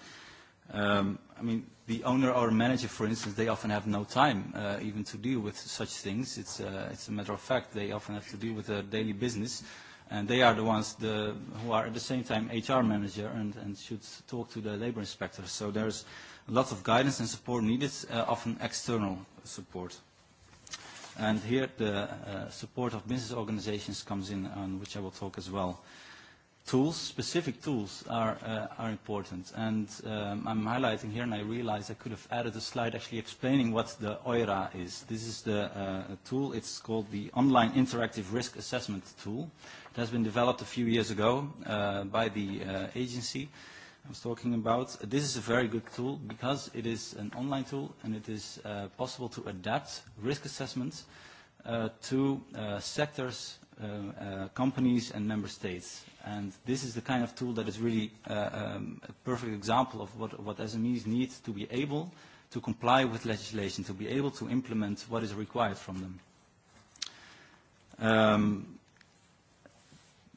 Um, I mean, the owner or manager, for instance, they often have no time uh, even to deal with such things. It's, uh, it's a matter of fact. They often have to deal with their daily business and they are the ones the, who are at the same time HR manager and, and should talk to the labor inspector. So there's lots of guidance and support needed, uh, often external support. And here the uh, support of business organizations comes in, on which I will talk as well tools, specific tools, are, uh, are important. And um, I'm highlighting here, and I realize I could have added a slide actually explaining what the OIRA is. This is the uh, tool. It's called the Online Interactive Risk Assessment Tool. It has been developed a few years ago uh, by the uh, agency I was talking about. This is a very good tool because it is an online tool and it is uh, possible to adapt risk assessments uh, to uh, sectors Uh, uh, companies and member states. And this is the kind of tool that is really uh, um, a perfect example of what, what SMEs need to be able to comply with legislation, to be able to implement what is required from them. Um,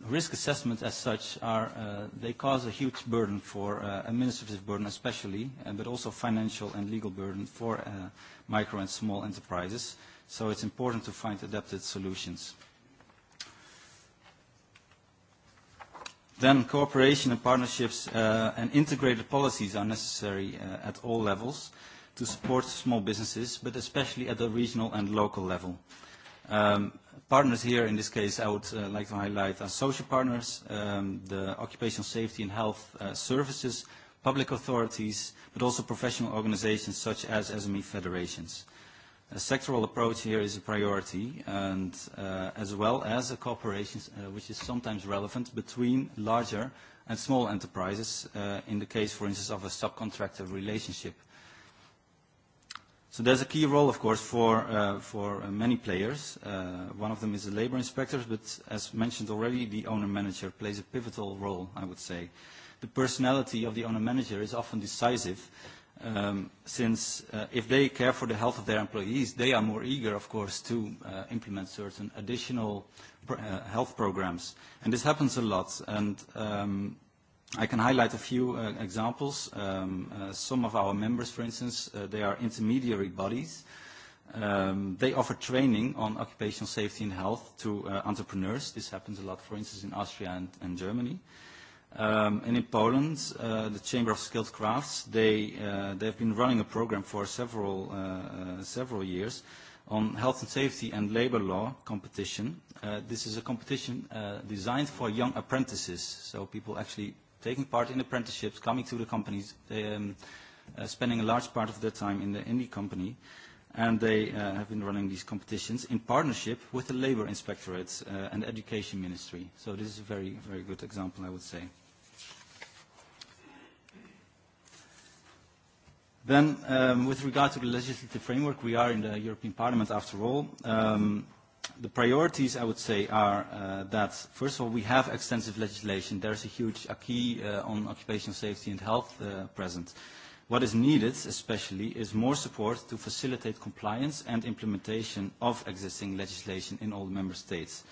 risk assessments as such are, uh, they cause a huge burden for uh, administrative burden especially, but also financial and legal burden for micro and small enterprises. So it's important to find adapted solutions. Then cooperation and partnerships uh, and integrated policies are necessary uh, at all levels to support small businesses, but especially at the regional and local level. Um, partners here, in this case, I would uh, like to highlight are social partners, um, the occupational safety and health uh, services, public authorities, but also professional organizations such as SME federations. A sectoral approach here is a priority, and uh, as well as a cooperation, uh, which is sometimes relevant, between larger and small enterprises, uh, in the case, for instance, of a subcontractor relationship. So there's a key role, of course, for, uh, for many players. Uh, one of them is the labor inspectors, but as mentioned already, the owner-manager plays a pivotal role, I would say. The personality of the owner-manager is often decisive, um, since uh, if they care for the health of their employees, they are more eager, of course, to uh, implement certain additional pr uh, health programs. And this happens a lot. And um, I can highlight a few uh, examples. Um, uh, some of our members, for instance, uh, they are intermediary bodies. Um, they offer training on occupational safety and health to uh, entrepreneurs. This happens a lot, for instance, in Austria and, and Germany. Um, and in Poland, uh, the Chamber of Skilled Crafts, they, uh, have been running a program for several, uh, uh, several years on health and safety and labor law competition. Uh, this is a competition uh, designed for young apprentices, so people actually taking part in apprenticeships, coming to the companies, um, spending a large part of their time in the, in the company and they uh, have been running these competitions in partnership with the Labour Inspectorate uh, and Education Ministry. So this is a very, very good example, I would say. Then, um, with regard to the legislative framework, we are in the European Parliament after all. Um, the priorities, I would say, are uh, that, first of all, we have extensive legislation. There's a huge acquis uh, on occupational safety and health uh, present. What is needed, especially, is more support to facilitate compliance and implementation of existing legislation in all member states.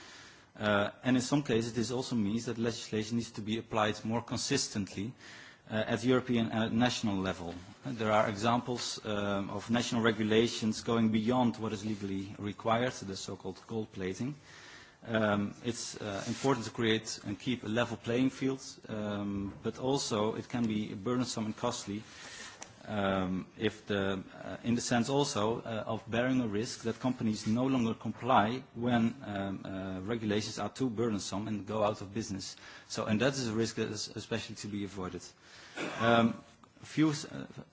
Uh, and in some cases, this also means that legislation needs to be applied more consistently uh, at European and national level. There are examples um, of national regulations going beyond what is legally required, the so-called gold plating. Um, it's uh, important to create and keep a level playing field, um, but also it can be burdensome and costly um, if the, uh, in the sense also uh, of bearing a risk that companies no longer comply when um, uh, regulations are too burdensome and go out of business. So, and that is a risk that is especially to be avoided. Um, few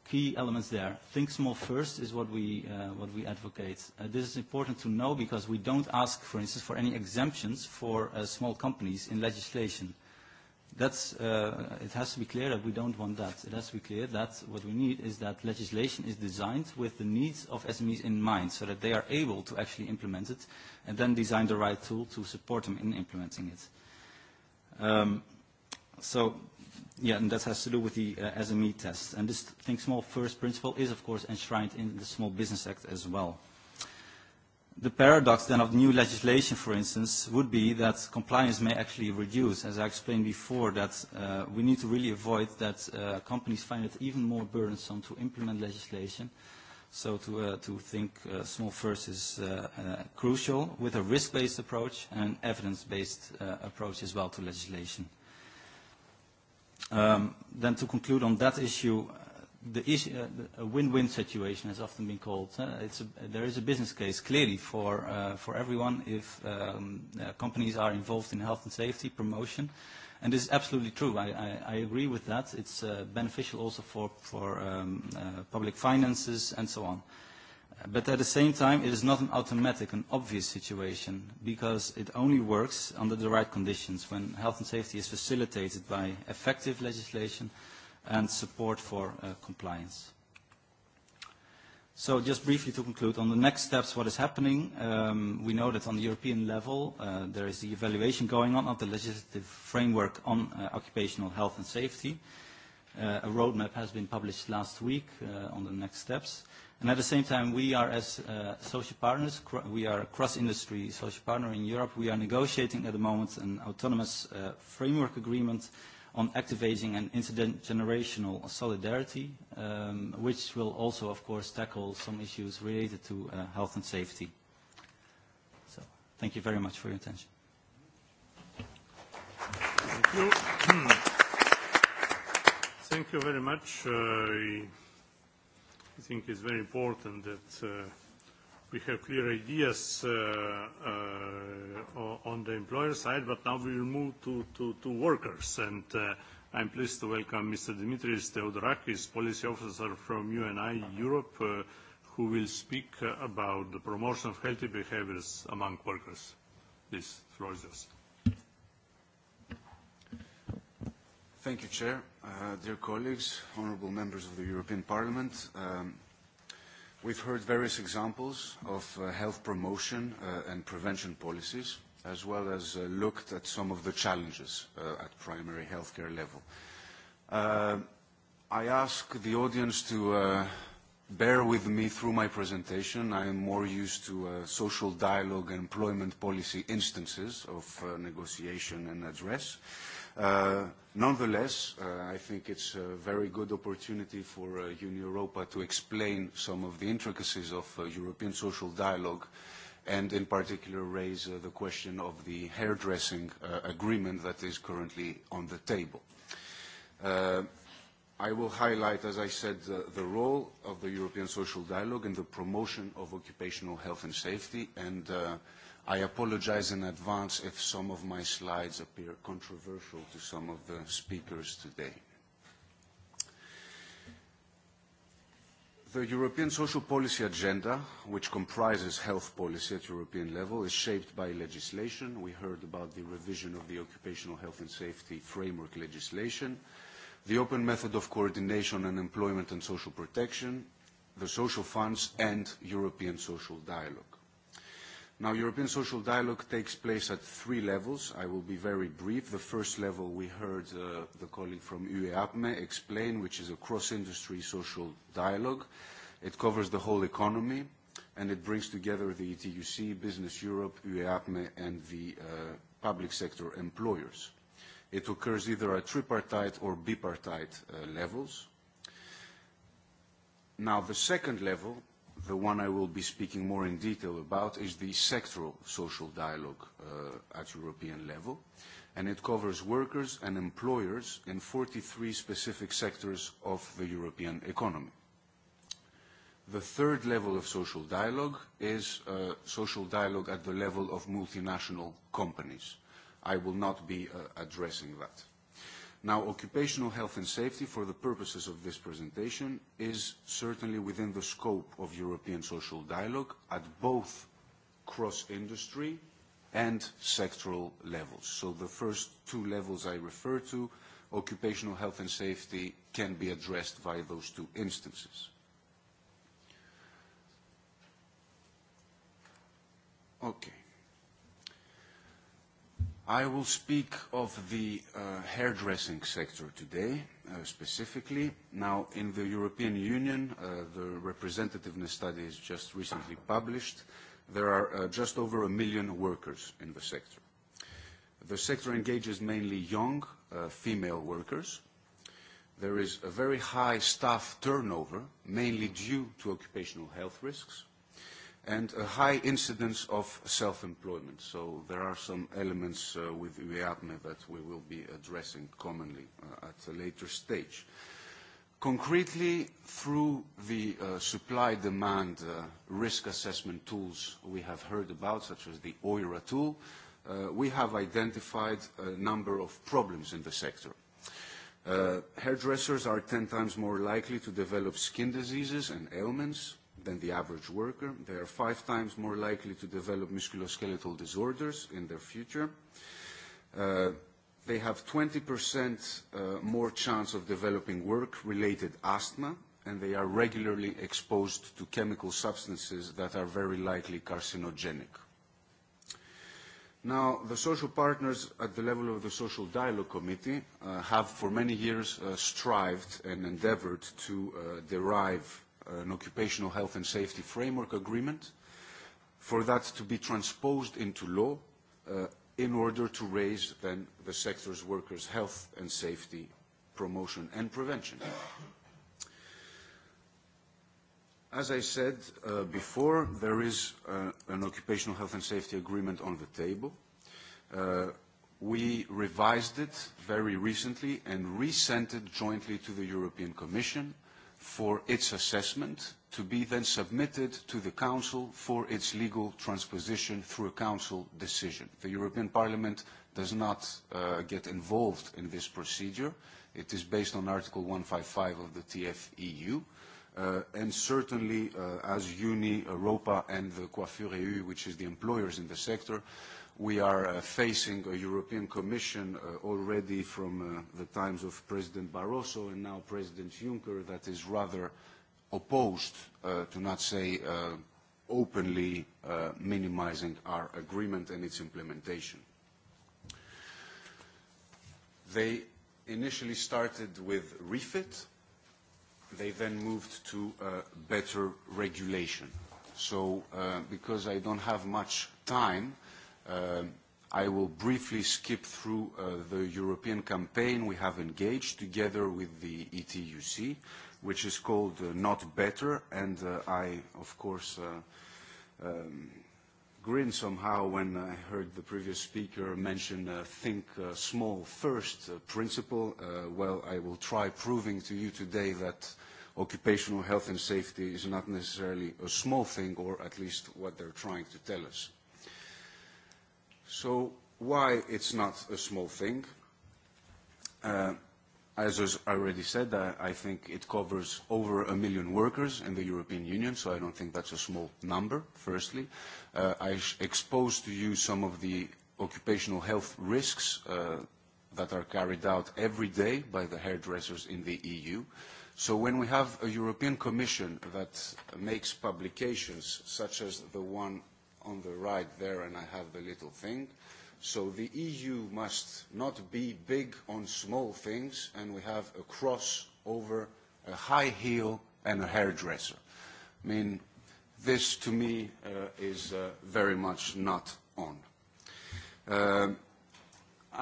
key elements there. Think small first is what we, uh, what we advocate. Uh, this is important to know because we don't ask, for instance, for any exemptions for uh, small companies in legislation that's, uh, it has to be clear that we don't want that. It has to be clear that what we need is that legislation is designed with the needs of SMEs in mind so that they are able to actually implement it and then design the right tool to support them in implementing it. Um, so, yeah, and that has to do with the uh, SME test. And this Think Small First principle is, of course, enshrined in the Small Business Act as well the paradox then of the new legislation, for instance, would be that compliance may actually reduce, as I explained before, that uh, we need to really avoid that uh, companies find it even more burdensome to implement legislation. So to, uh, to think uh, small first is uh, uh, crucial with a risk-based approach and an evidence-based uh, approach as well to legislation. Um, then to conclude on that issue, Uh, the a win-win situation has often been called. Uh, it's a, there is a business case clearly for, uh, for everyone if um, uh, companies are involved in health and safety promotion. And this is absolutely true. I, I, I agree with that. It's uh, beneficial also for, for um, uh, public finances and so on. But at the same time, it is not an automatic and obvious situation because it only works under the right conditions when health and safety is facilitated by effective legislation – and support for uh, compliance. So just briefly to conclude, on the next steps, what is happening, um, we know that on the European level, uh, there is the evaluation going on of the legislative framework on uh, occupational health and safety. a roadmap has been published last week on the next steps. And at the same time, we are as social partners, we are a cross-industry social partner in Europe. We are negotiating at the moment an autonomous framework agreement on activating an incident generational solidarity, um, which will also, of course, tackle some issues related to uh, health and safety. So, thank you very much for your attention. Thank you. thank you very much. Uh, I think it's very important that uh, we have clear ideas uh, uh, on the employer side, but now we will move to, workers. And uh, I'm pleased to welcome Mr. Dimitris Theodorakis, Policy Officer from UNI Europe, who will speak about the promotion of healthy behaviors among workers. Please, floor is yours. Thank you, Chair. dear colleagues, honorable members of the European Parliament, um, We've heard various examples of uh, health promotion uh, and prevention policies, as well as uh, looked at some of the challenges at primary healthcare level. I ask the audience to bear with me through my presentation. I am more used to social dialogue and employment policy instances of negotiation and address. Uh, nonetheless, uh, I think it's a very good opportunity for uh, Union Europa to explain some of the intricacies of uh, European social dialogue and in particular raise the question of the hairdressing agreement that is currently on the table. I will highlight, as I said, the role of the European social dialogue in the promotion of occupational health and safety and i apologize in advance if some of my slides appear controversial to some of the speakers today. The European Social Policy Agenda, which comprises health policy at European level, is shaped by legislation. We heard about the revision of the Occupational Health and Safety Framework legislation, the open method of coordination on employment and social protection, the social funds, and European social dialogue. Now, European social dialogue takes place at three levels. I will be very brief. The first level we heard uh, the colleague from UEAPME explain, which is a cross-industry social dialogue. It covers the whole economy, and it brings together the ETUC, Business Europe, UEAPME, and the uh, public sector employers. It occurs either at tripartite or bipartite uh, levels. Now, the second level The one I will be speaking more in detail about is the sectoral social dialogue uh, at European level, and it covers workers and employers in 43 specific sectors of the European economy. The third level of social dialogue is uh, social dialogue at the level of multinational companies. I will not be uh, addressing that. Now, occupational health and safety, for the purposes of this presentation, is certainly within the scope of European social dialogue at both cross-industry and sectoral levels. So the first two levels I refer to, occupational health and safety, can be addressed by those two instances. Okay. I will speak of the uh, hairdressing sector today, uh, specifically. Now, in the European Union, uh, the representativeness study is just recently published. There are just over a million workers in the sector. The sector engages mainly young female workers. There is a very high staff turnover, mainly due to occupational health risks and a high incidence of self-employment. So there are some elements uh, with UEAPME that we will be addressing commonly uh, at a later stage. Concretely, through the uh, supply-demand uh, risk assessment tools we have heard about, such as the OIRA tool, uh, we have identified a number of problems in the sector. Uh, hairdressers are 10 times more likely to develop skin diseases and ailments than the average worker. They are five times more likely to develop musculoskeletal disorders in their future. Uh, they have 20% uh, more chance of developing work-related asthma, and they are regularly exposed to chemical substances that are very likely carcinogenic. Now, the social partners at the level of the Social Dialogue Committee uh, have for many years uh, strived and endeavored to uh, derive an occupational health and safety framework agreement for that to be transposed into law uh, in order to raise then the sector's workers' health and safety promotion and prevention. As I said uh, before, there is uh, an occupational health and safety agreement on the table. Uh, we revised it very recently and resent it jointly to the European Commission for its assessment to be then submitted to the Council for its legal transposition through a Council decision. The European Parliament does not uh, get involved in this procedure. It is based on Article 155 of the TFEU, Uh, and certainly uh, as Uni, Europa and the Coiffure EU, which is the employers in the sector, we are uh, facing a European Commission already from the times of President Barroso and now President Juncker that is rather opposed, to not say openly minimizing our agreement and its implementation. They initially started with refit, they then moved to uh, better regulation. So uh, because I don't have much time, uh, I will briefly skip through the European campaign we have engaged together with the ETUC, which is called Not Better, and I, of course, um, grin somehow when I heard the previous speaker mention uh, think uh, small first uh, principle. Well, I will try proving to you today that occupational health and safety is not necessarily a small thing, or at least what they're trying to tell us. So why it's not a small thing? As I already said, I, I think it covers over a million workers in the European Union, so I don't think that's a small number, firstly. Uh, I exposed to you some of the occupational health risks uh, that are carried out every day by the hairdressers in the EU. So when we have a European Commission that makes publications such as the one on the right there, and I have the little thing, So the EU must not be big on small things, and we have a cross over a high heel and a hairdresser. I mean, this to me uh, is uh, very much not on. Um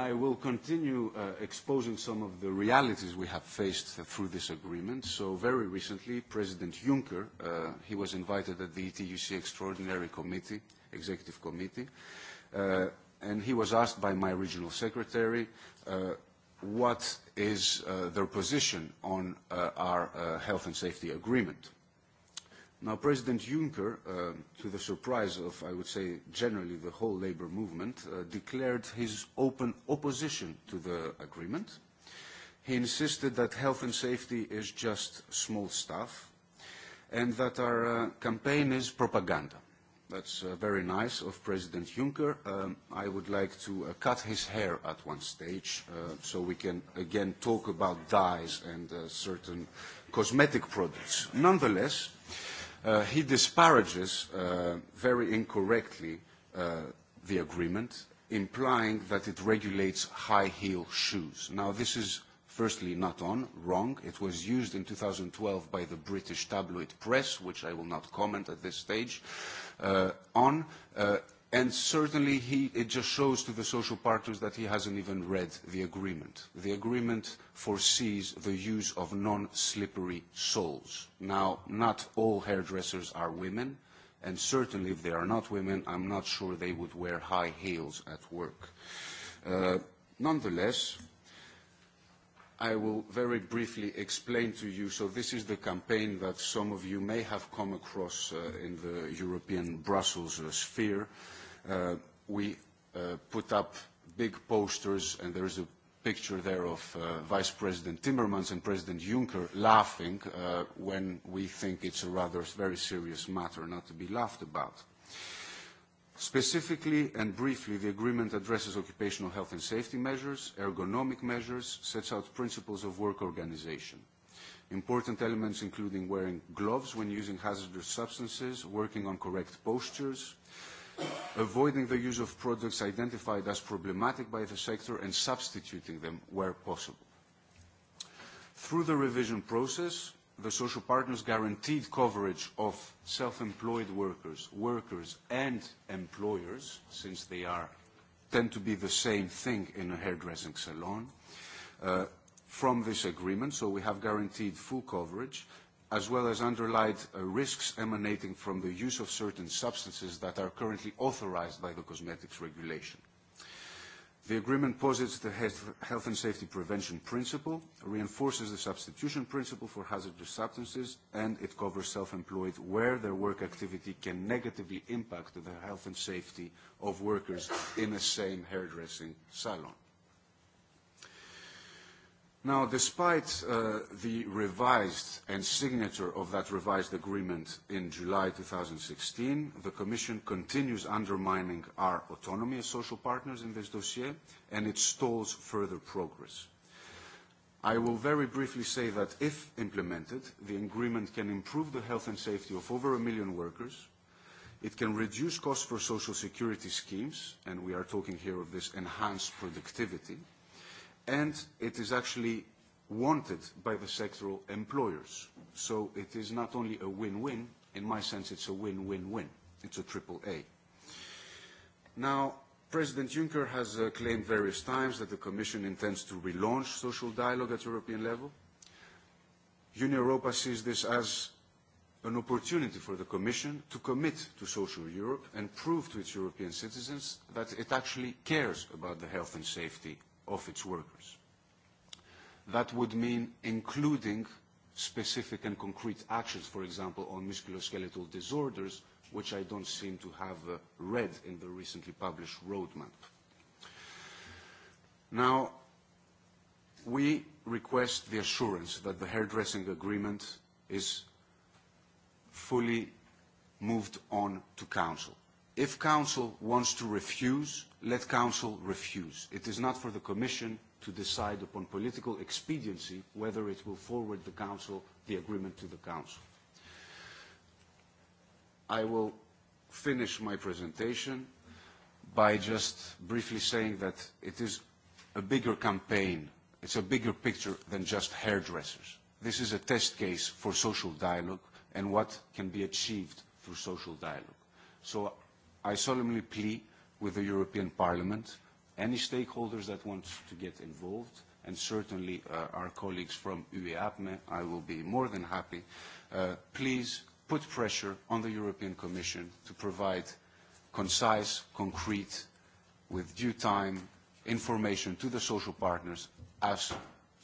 I will continue uh, exposing some of the realities we have faced through this agreement. So very recently, President Juncker, uh, he was invited at the ETUC Extraordinary Committee, Executive Committee, Uh, and he was asked by my regional secretary uh, what is uh, their position on uh, our health and safety agreement. Now, President Juncker, to the surprise of, I would say, generally the whole labor movement, declared his open opposition to the agreement. He insisted that health and safety is just small stuff and that our campaign is propaganda. That's uh, very nice of President Juncker. Um, I would like to uh, cut his hair at one stage uh, so we can again talk about dyes and uh, certain cosmetic products. Nonetheless, uh, he disparages uh, very incorrectly uh, the agreement, implying that it regulates high heel shoes. Now, this is firstly not on, wrong. It was used in 2012 by the British tabloid press, which I will not comment at this stage, uh, on. Uh, and certainly he, it just shows to the social partners that he hasn't even read the agreement. The agreement foresees the use of non-slippery soles. Now, not all hairdressers are women, and certainly if they are not women, I'm not sure they would wear high heels at work. Uh, nonetheless, i will very briefly explain to you. So this is the campaign that some of you may have come across uh, in the European Brussels uh, sphere. Uh, we put up big posters, and there is a picture there of Vice President Timmermans and President Juncker laughing when we think it's a rather very serious matter not to be laughed about. Specifically and briefly, the agreement addresses occupational health and safety measures, ergonomic measures, sets out principles of work organization. Important elements including wearing gloves when using hazardous substances, working on correct postures, avoiding the use of products identified as problematic by the sector and substituting them where possible. Through the revision process, the social partners guaranteed coverage of self-employed workers, workers and employers, since they are tend to be the same thing in a hairdressing salon, uh, from this agreement. So we have guaranteed full coverage, as well as underlined uh, risks emanating from the use of certain substances that are currently authorized by the cosmetics regulation. The agreement posits the health and safety prevention principle, reinforces the substitution principle for hazardous substances, and it covers self-employed where their work activity can negatively impact the health and safety of workers in the same hairdressing salon. Now, despite uh, the revised and signature of that revised agreement in July 2016, the Commission continues undermining our autonomy as social partners in this dossier, and it stalls further progress. I will very briefly say that if implemented, the agreement can improve the health and safety of over a million workers. It can reduce costs for social security schemes, and we are talking here of this enhanced productivity – and it is actually wanted by the sectoral employers. So it is not only a win-win, in my sense it's a win-win-win. It's a triple A. Now, President Juncker has uh, claimed various times that the Commission intends to relaunch social dialogue at European level. Union Europa sees this as an opportunity for the Commission to commit to social Europe and prove to its European citizens that it actually cares about the health and safety of its workers. That would mean including specific and concrete actions, for example, on musculoskeletal disorders, which I don't seem to have uh, read in the recently published roadmap. Now, we request the assurance that the hairdressing agreement is fully moved on to Council. If Council wants to refuse, let Council refuse. It is not for the Commission to decide upon political expediency whether it will forward the Council, the agreement to the Council. I will finish my presentation by just briefly saying that it is a bigger campaign, it's a bigger picture than just hairdressers. This is a test case for social dialogue and what can be achieved through social dialogue. So I solemnly plea with the European Parliament, any stakeholders that want to get involved, and certainly uh, our colleagues from UEAPME, I will be more than happy. Uh, please put pressure on the European Commission to provide concise, concrete, with due time, information to the social partners as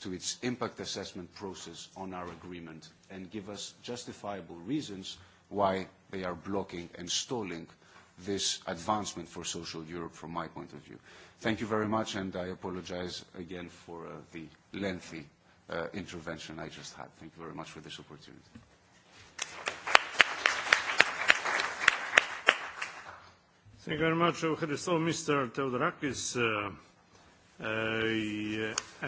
to its impact assessment process on our agreement and give us justifiable reasons why they are blocking and stalling this advancement for social Europe from my point of view. Thank you very much, and I apologize again for uh, the lengthy uh, intervention I just had. Thank you very much for this opportunity. Thank you very much. Mr. Theodorakis. Uh, uh,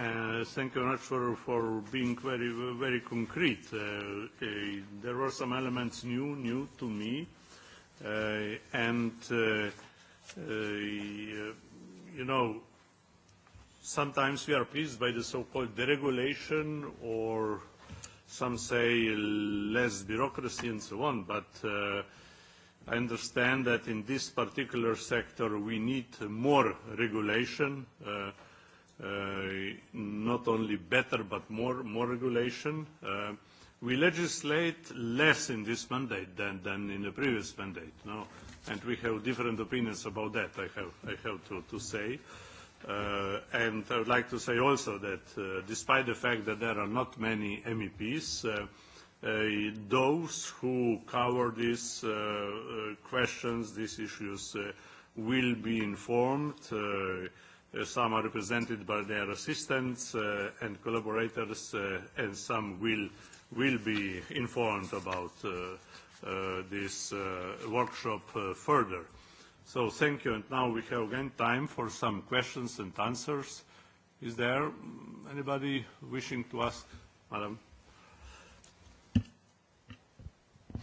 uh, thank you very much for, for being very, very concrete. Uh, uh there were some elements new, new to me Uh, and uh, uh, you know sometimes we are pleased by the so called deregulation or some say less bureaucracy and so on but i understand that in this particular sector we need more regulation not only better but more more regulation We legislate less in this mandate than, in the previous mandate, no? And we have different opinions about that, I have, I have to, to say. Uh, and I would like to say also that uh, despite the fact that there are not many MEPs, uh, those who cover these questions, these issues, will be informed. Some are represented by their assistants and collaborators, and some will will be informed about uh, uh, this uh, workshop further. So thank you. And now we have again time for some questions and answers. Is there anybody wishing to ask? Madam.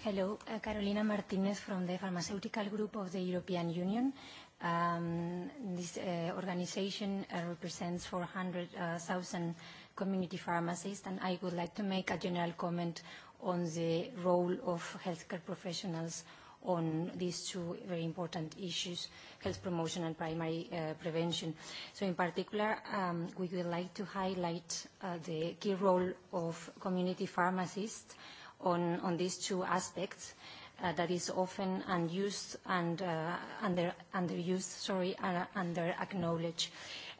Hello, uh, Carolina Martinez from the Pharmaceutical Group of the European Union. Um, this uh, organization uh, represents 400,000 community pharmacists, and I would like to make a general comment on the role of healthcare professionals on these two very important issues, health promotion and primary uh, prevention. So in particular, um, we would like to highlight uh, the key role of community pharmacists on, on these two aspects uh, that is often unused and uh, under, underused, sorry, uh, under acknowledged.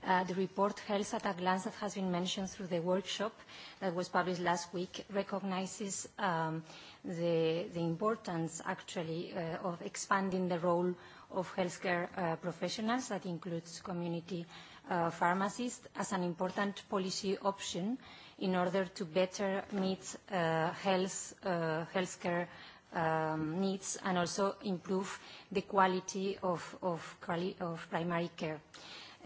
Uh, the report Health at a Glance that has been mentioned through the workshop that was published last week recognizes um, the, the importance actually uh, of expanding the role of healthcare uh, professionals, that includes community pharmacists, as an important policy option in order to better meet health, healthcare um, needs and also improve the quality of, of, primary care.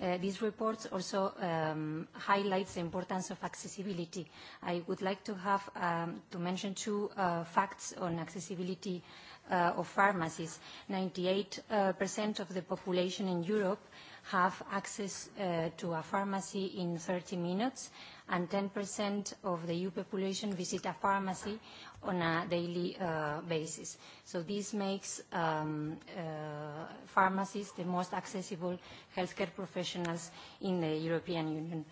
This uh, these also um, highlights the importance of accessibility. I would like to have um, to mention two uh, facts on accessibility uh, of pharmacies. 98% of the population in Europe have access to a pharmacy in 30 minutes and 10% of the EU population visit a pharmacy on a daily uh, basis. So this makes um, uh, pharmacies the most accessible healthcare professionals in the European Union.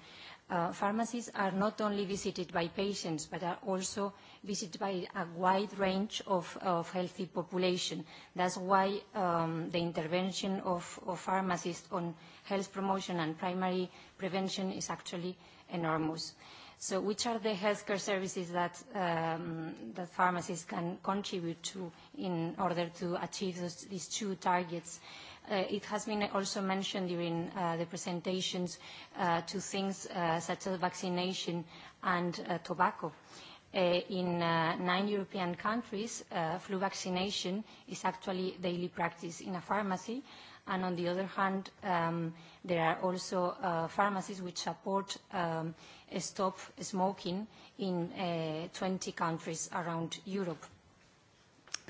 Uh, pharmacies are not only visited by patients, but are also visited by a wide range of, healthy population. That's why um, the intervention of pharmacists on health promotion and primary prevention is actually enormous. So which are the healthcare services that, um, the pharmacies can contribute to in order to achieve those, these two targets? Uh, it has been also mentioned during uh, the presentations uh, to things such as vaccination and tobacco. In nine European countries, flu vaccination is actually daily practice in a pharmacy, and on the other hand um, there are also uh, pharmacies which support um, stop smoking in 20 uh, countries around Europe.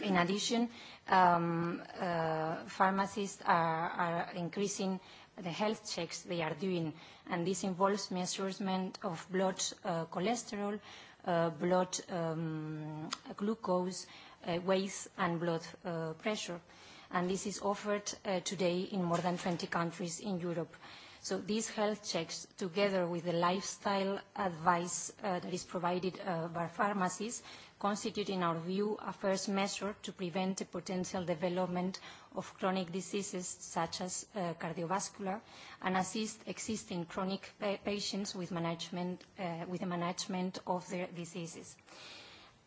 In addition, um, uh, pharmacists are, increasing the health checks they are doing, and this involves measurement of blood cholesterol, blood um, glucose, uh, weight, and blood pressure and this is offered uh, today in more than 20 countries in Europe. So these health checks, together with the lifestyle advice uh, that is provided uh, by pharmacies, constitute, in our view, a first measure to prevent the potential development of chronic diseases such as cardiovascular and assist existing chronic pa-, patients with the management of their diseases.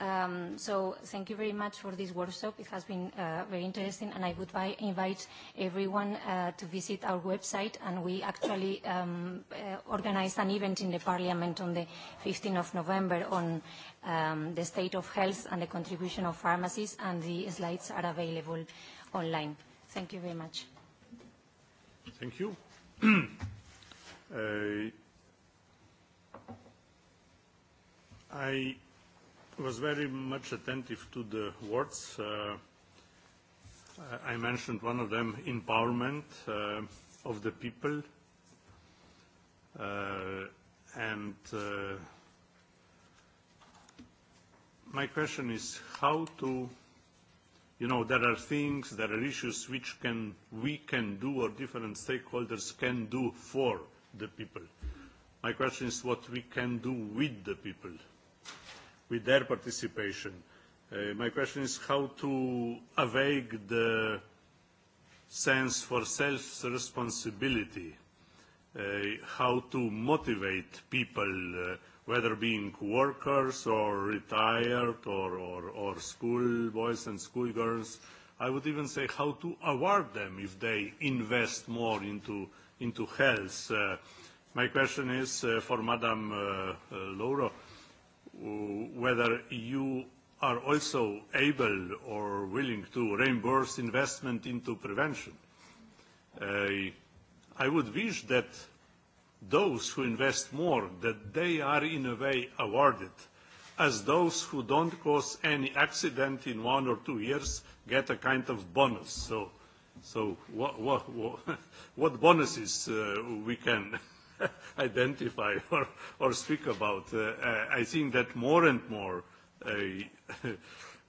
Um, so thank you very much for this workshop. It has been uh, very interesting, and I would invite everyone uh, to visit our website. And we actually um, uh, organized an event in the Parliament on the 15th of November on um, the state of health and the contribution of pharmacies, and the slides are available online. Thank you very much. Thank you. I was very much attentive to the words. Uh, I mentioned one of them, empowerment uh, of the people. Uh, and uh, my question is how to, you know, there are things, there are issues which can, we can do or different stakeholders can do for the people. My question is what we can do with the people with their participation. Uh, my question is how to awake the sense for self-responsibility, uh, how to motivate people, uh, whether being workers or retired or, or, or school boys and schoolgirls. I would even say how to award them if they invest more into, into health. Uh, my question is uh, for Madam uh, uh whether you are also able or willing to reimburse investment into prevention. Uh, I would wish that those who invest more, that they are in a way awarded, as those who don't cause any accident in one or two years get a kind of bonus. So, so what, what, what bonuses uh, we can identify or, or speak about. Uh, uh, I think that more and more uh,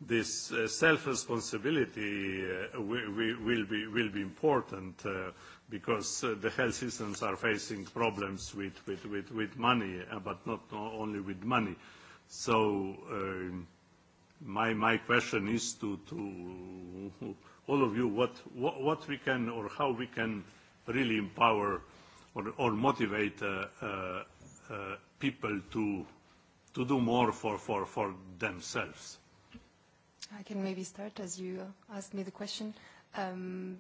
this self-responsibility will, be, important because the health systems are facing problems with, with, with, with money, but not only with money. So um, my, my question is to, to all of you what, what, what we can or how we can really empower or, or motivate uh, uh, uh, people to to do more for, for, for themselves. I can maybe start as you asked me the question. Um,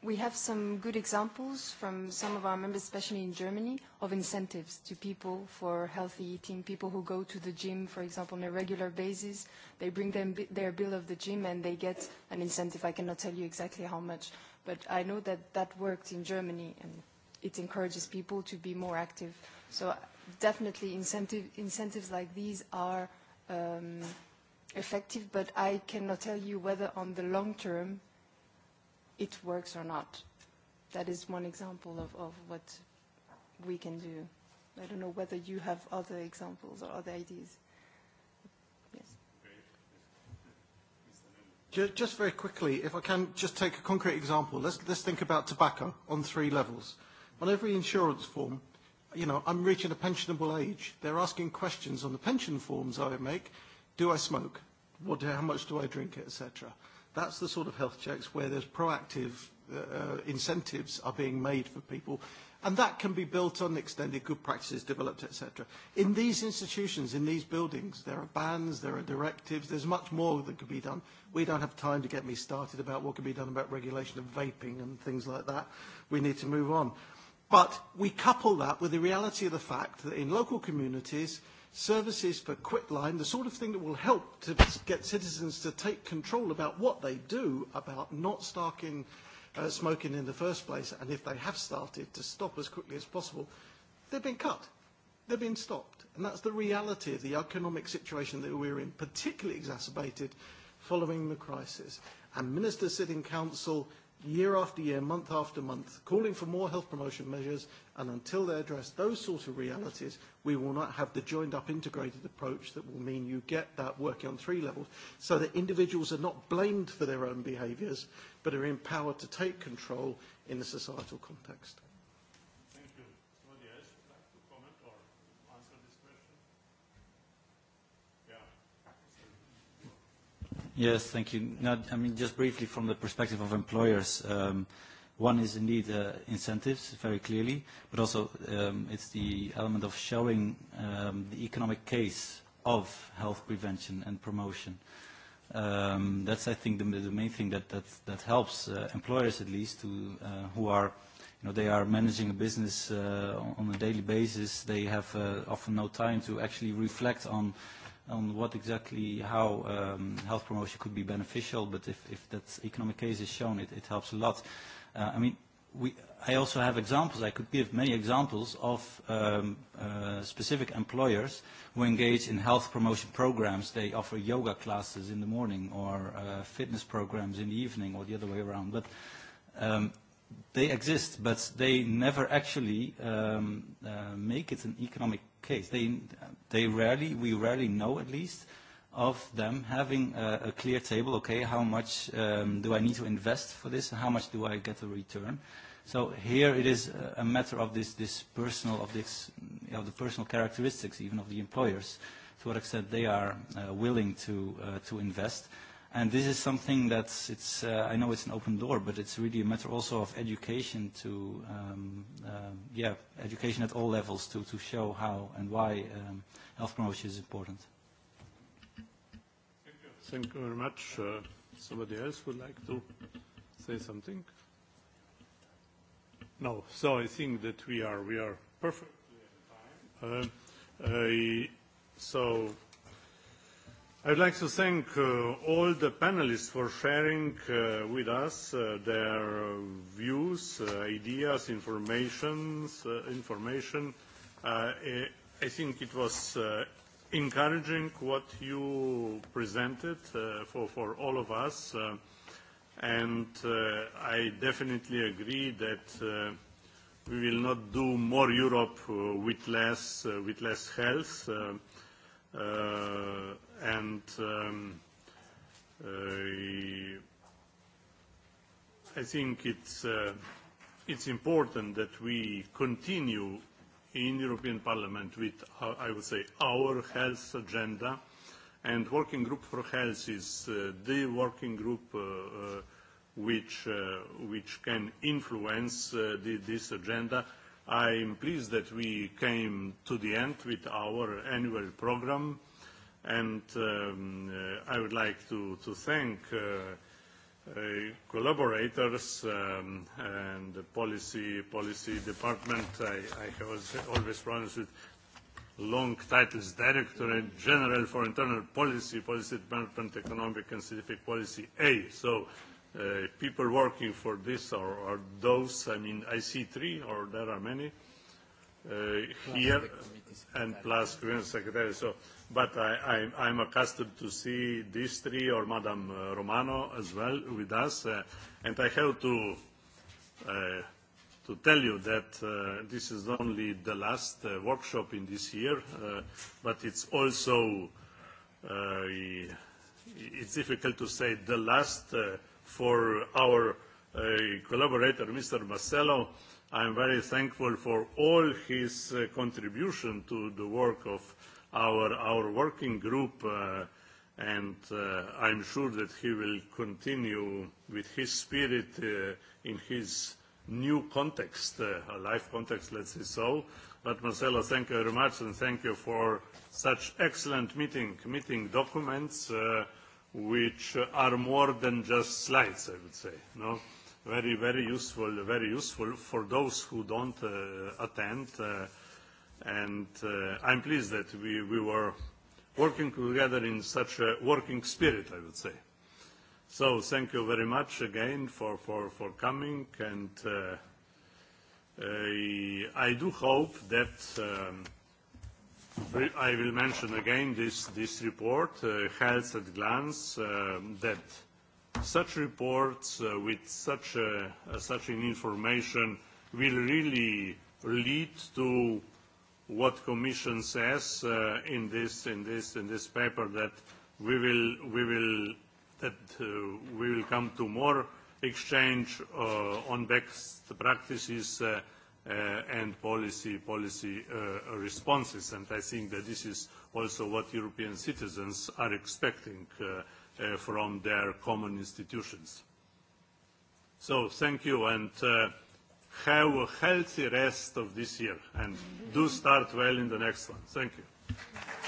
we have some good examples from some of our members, especially in Germany, of incentives to people for healthy eating, people who go to the gym, for example, on a regular basis. They bring them their bill of the gym and they get an incentive. I cannot tell you exactly how much, but I know that that worked in Germany and it encourages people to be more active. So definitely incentive, incentives like these are um, effective, but I cannot tell you whether on the long term it works or not. That is one example of, of what we can do. I don't know whether you have other examples or other ideas. Yes. Just very quickly, if I can just take a concrete example. Let's, let's think about tobacco on three levels on every insurance form, you know, I'm reaching a pensionable age. They're asking questions on the pension forms I make. Do I smoke? What, how much do I drink, etc. That's the sort of health checks where there's proactive uh, uh, incentives are being made for people. And that can be built on extended good practices developed, etc. In these institutions, in these buildings, there are bans, there are directives, there's much more that could be done. We don't have time to get me started about what can be done about regulation of vaping and things like that. We need to move on. But we couple that with the reality of the fact that in local communities, services for quitline, the sort of thing that will help to get citizens to take control about what they do, about not starting uh, smoking in the first place, and if they have started, to stop as quickly as possible, they've been cut. They've been stopped. And that's the reality of the economic situation that we're in, particularly exacerbated following the crisis. And ministers sit in council year after year, month after month, calling for more health promotion measures, and until they address those sorts of realities, we will not have the joined-up integrated approach that will mean you get that working on three levels, so that individuals are not blamed for their own behaviours, but are empowered to take control in the societal context. Yes, thank you. Now, I mean, just briefly from the perspective of employers, um, one is indeed uh, incentives, very clearly, but also um, it's the element of showing um, the economic case of health prevention and promotion. Um, that's, I think, the, the main thing that, that, that helps uh, employers, at least, to, uh, who are, you know, they are managing a business uh, on a daily basis. They have uh, often no time to actually reflect on on what exactly how um, health promotion could be beneficial, but if, if that economic case is shown, it, it helps a lot. Uh, I mean, we, I also have examples, I could give many examples of um, uh, specific employers who engage in health promotion programs. They offer yoga classes in the morning or uh, fitness programs in the evening or the other way around. But um, they exist, but they never actually um, uh, make it an economic case. They, they rarely, we rarely know at least, of them having a, a clear table, okay, how much um, do I need to invest for this, how much do I get a return. So here it is a matter of this, this personal, of, this, of the personal characteristics even of the employers, to what extent they are uh, willing to, uh, to invest. And this is something that's, it's, uh, I know it's an open door, but it's really a matter also of education to, um, uh, yeah, education at all levels to, to show how and why um, health promotion is important. Thank you very much. Uh, somebody else would like to say something? No. So I think that we are, we are perfect. Uh, so i would like to thank uh, all the panelists for sharing uh, with us uh, their views, ideas, informations, information. I think it was encouraging what you presented for, for all of us, and I definitely agree that we will not do more Europe with less, with less health. Uh, and um, uh, I think it's, uh, it's important that we continue in European Parliament with, I would say, our health agenda. And Working Group for Health is the working group which, which can influence this agenda i am pleased that we came to the end with our annual program, and um, uh, I would like to, to thank uh, uh, collaborators um, and the policy, policy department. I, I was always promised with long titles, Directorate General for Internal Policy, Policy Department, Economic and Scientific Policy A. So Uh, people working for this or, or those, I mean, I see three or there are many uh, here and plus Green Secretary. So, but I, I, I'm accustomed to see these three or Madame uh, Romano as well with us. Uh, and I have to, uh, to tell you that uh, this is only the last workshop in this year, but it's also, uh, it's difficult to say the last uh, for our uh, collaborator, Mr. Marcello. I am very thankful for all his uh, contribution to the work of our, our working group, uh, and uh, I am sure that he will continue with his spirit uh, in his new context, uh, a life context, let's say so. But Marcelo, thank you very much, and thank you for such excellent meeting, meeting documents. Uh, which are more than just slides, I would say. No? Very, very useful, very useful for those who don't uh, attend. Uh, and uh, I'm pleased that we, we were working together in such a working spirit, I would say. So thank you very much again for, for, for coming. And uh, I do hope that um, i will mention again this, report, uh, Health at Glance, uh, that such reports uh, with such, an information will really lead to what Commission says in, this, paper that we will, that, we will come to more exchange on best practices Uh, and policy, uh, responses. And I think that this is also what European citizens are expecting uh, from their common institutions. So thank you and have a healthy rest of this year and do start well in the next one. Thank you.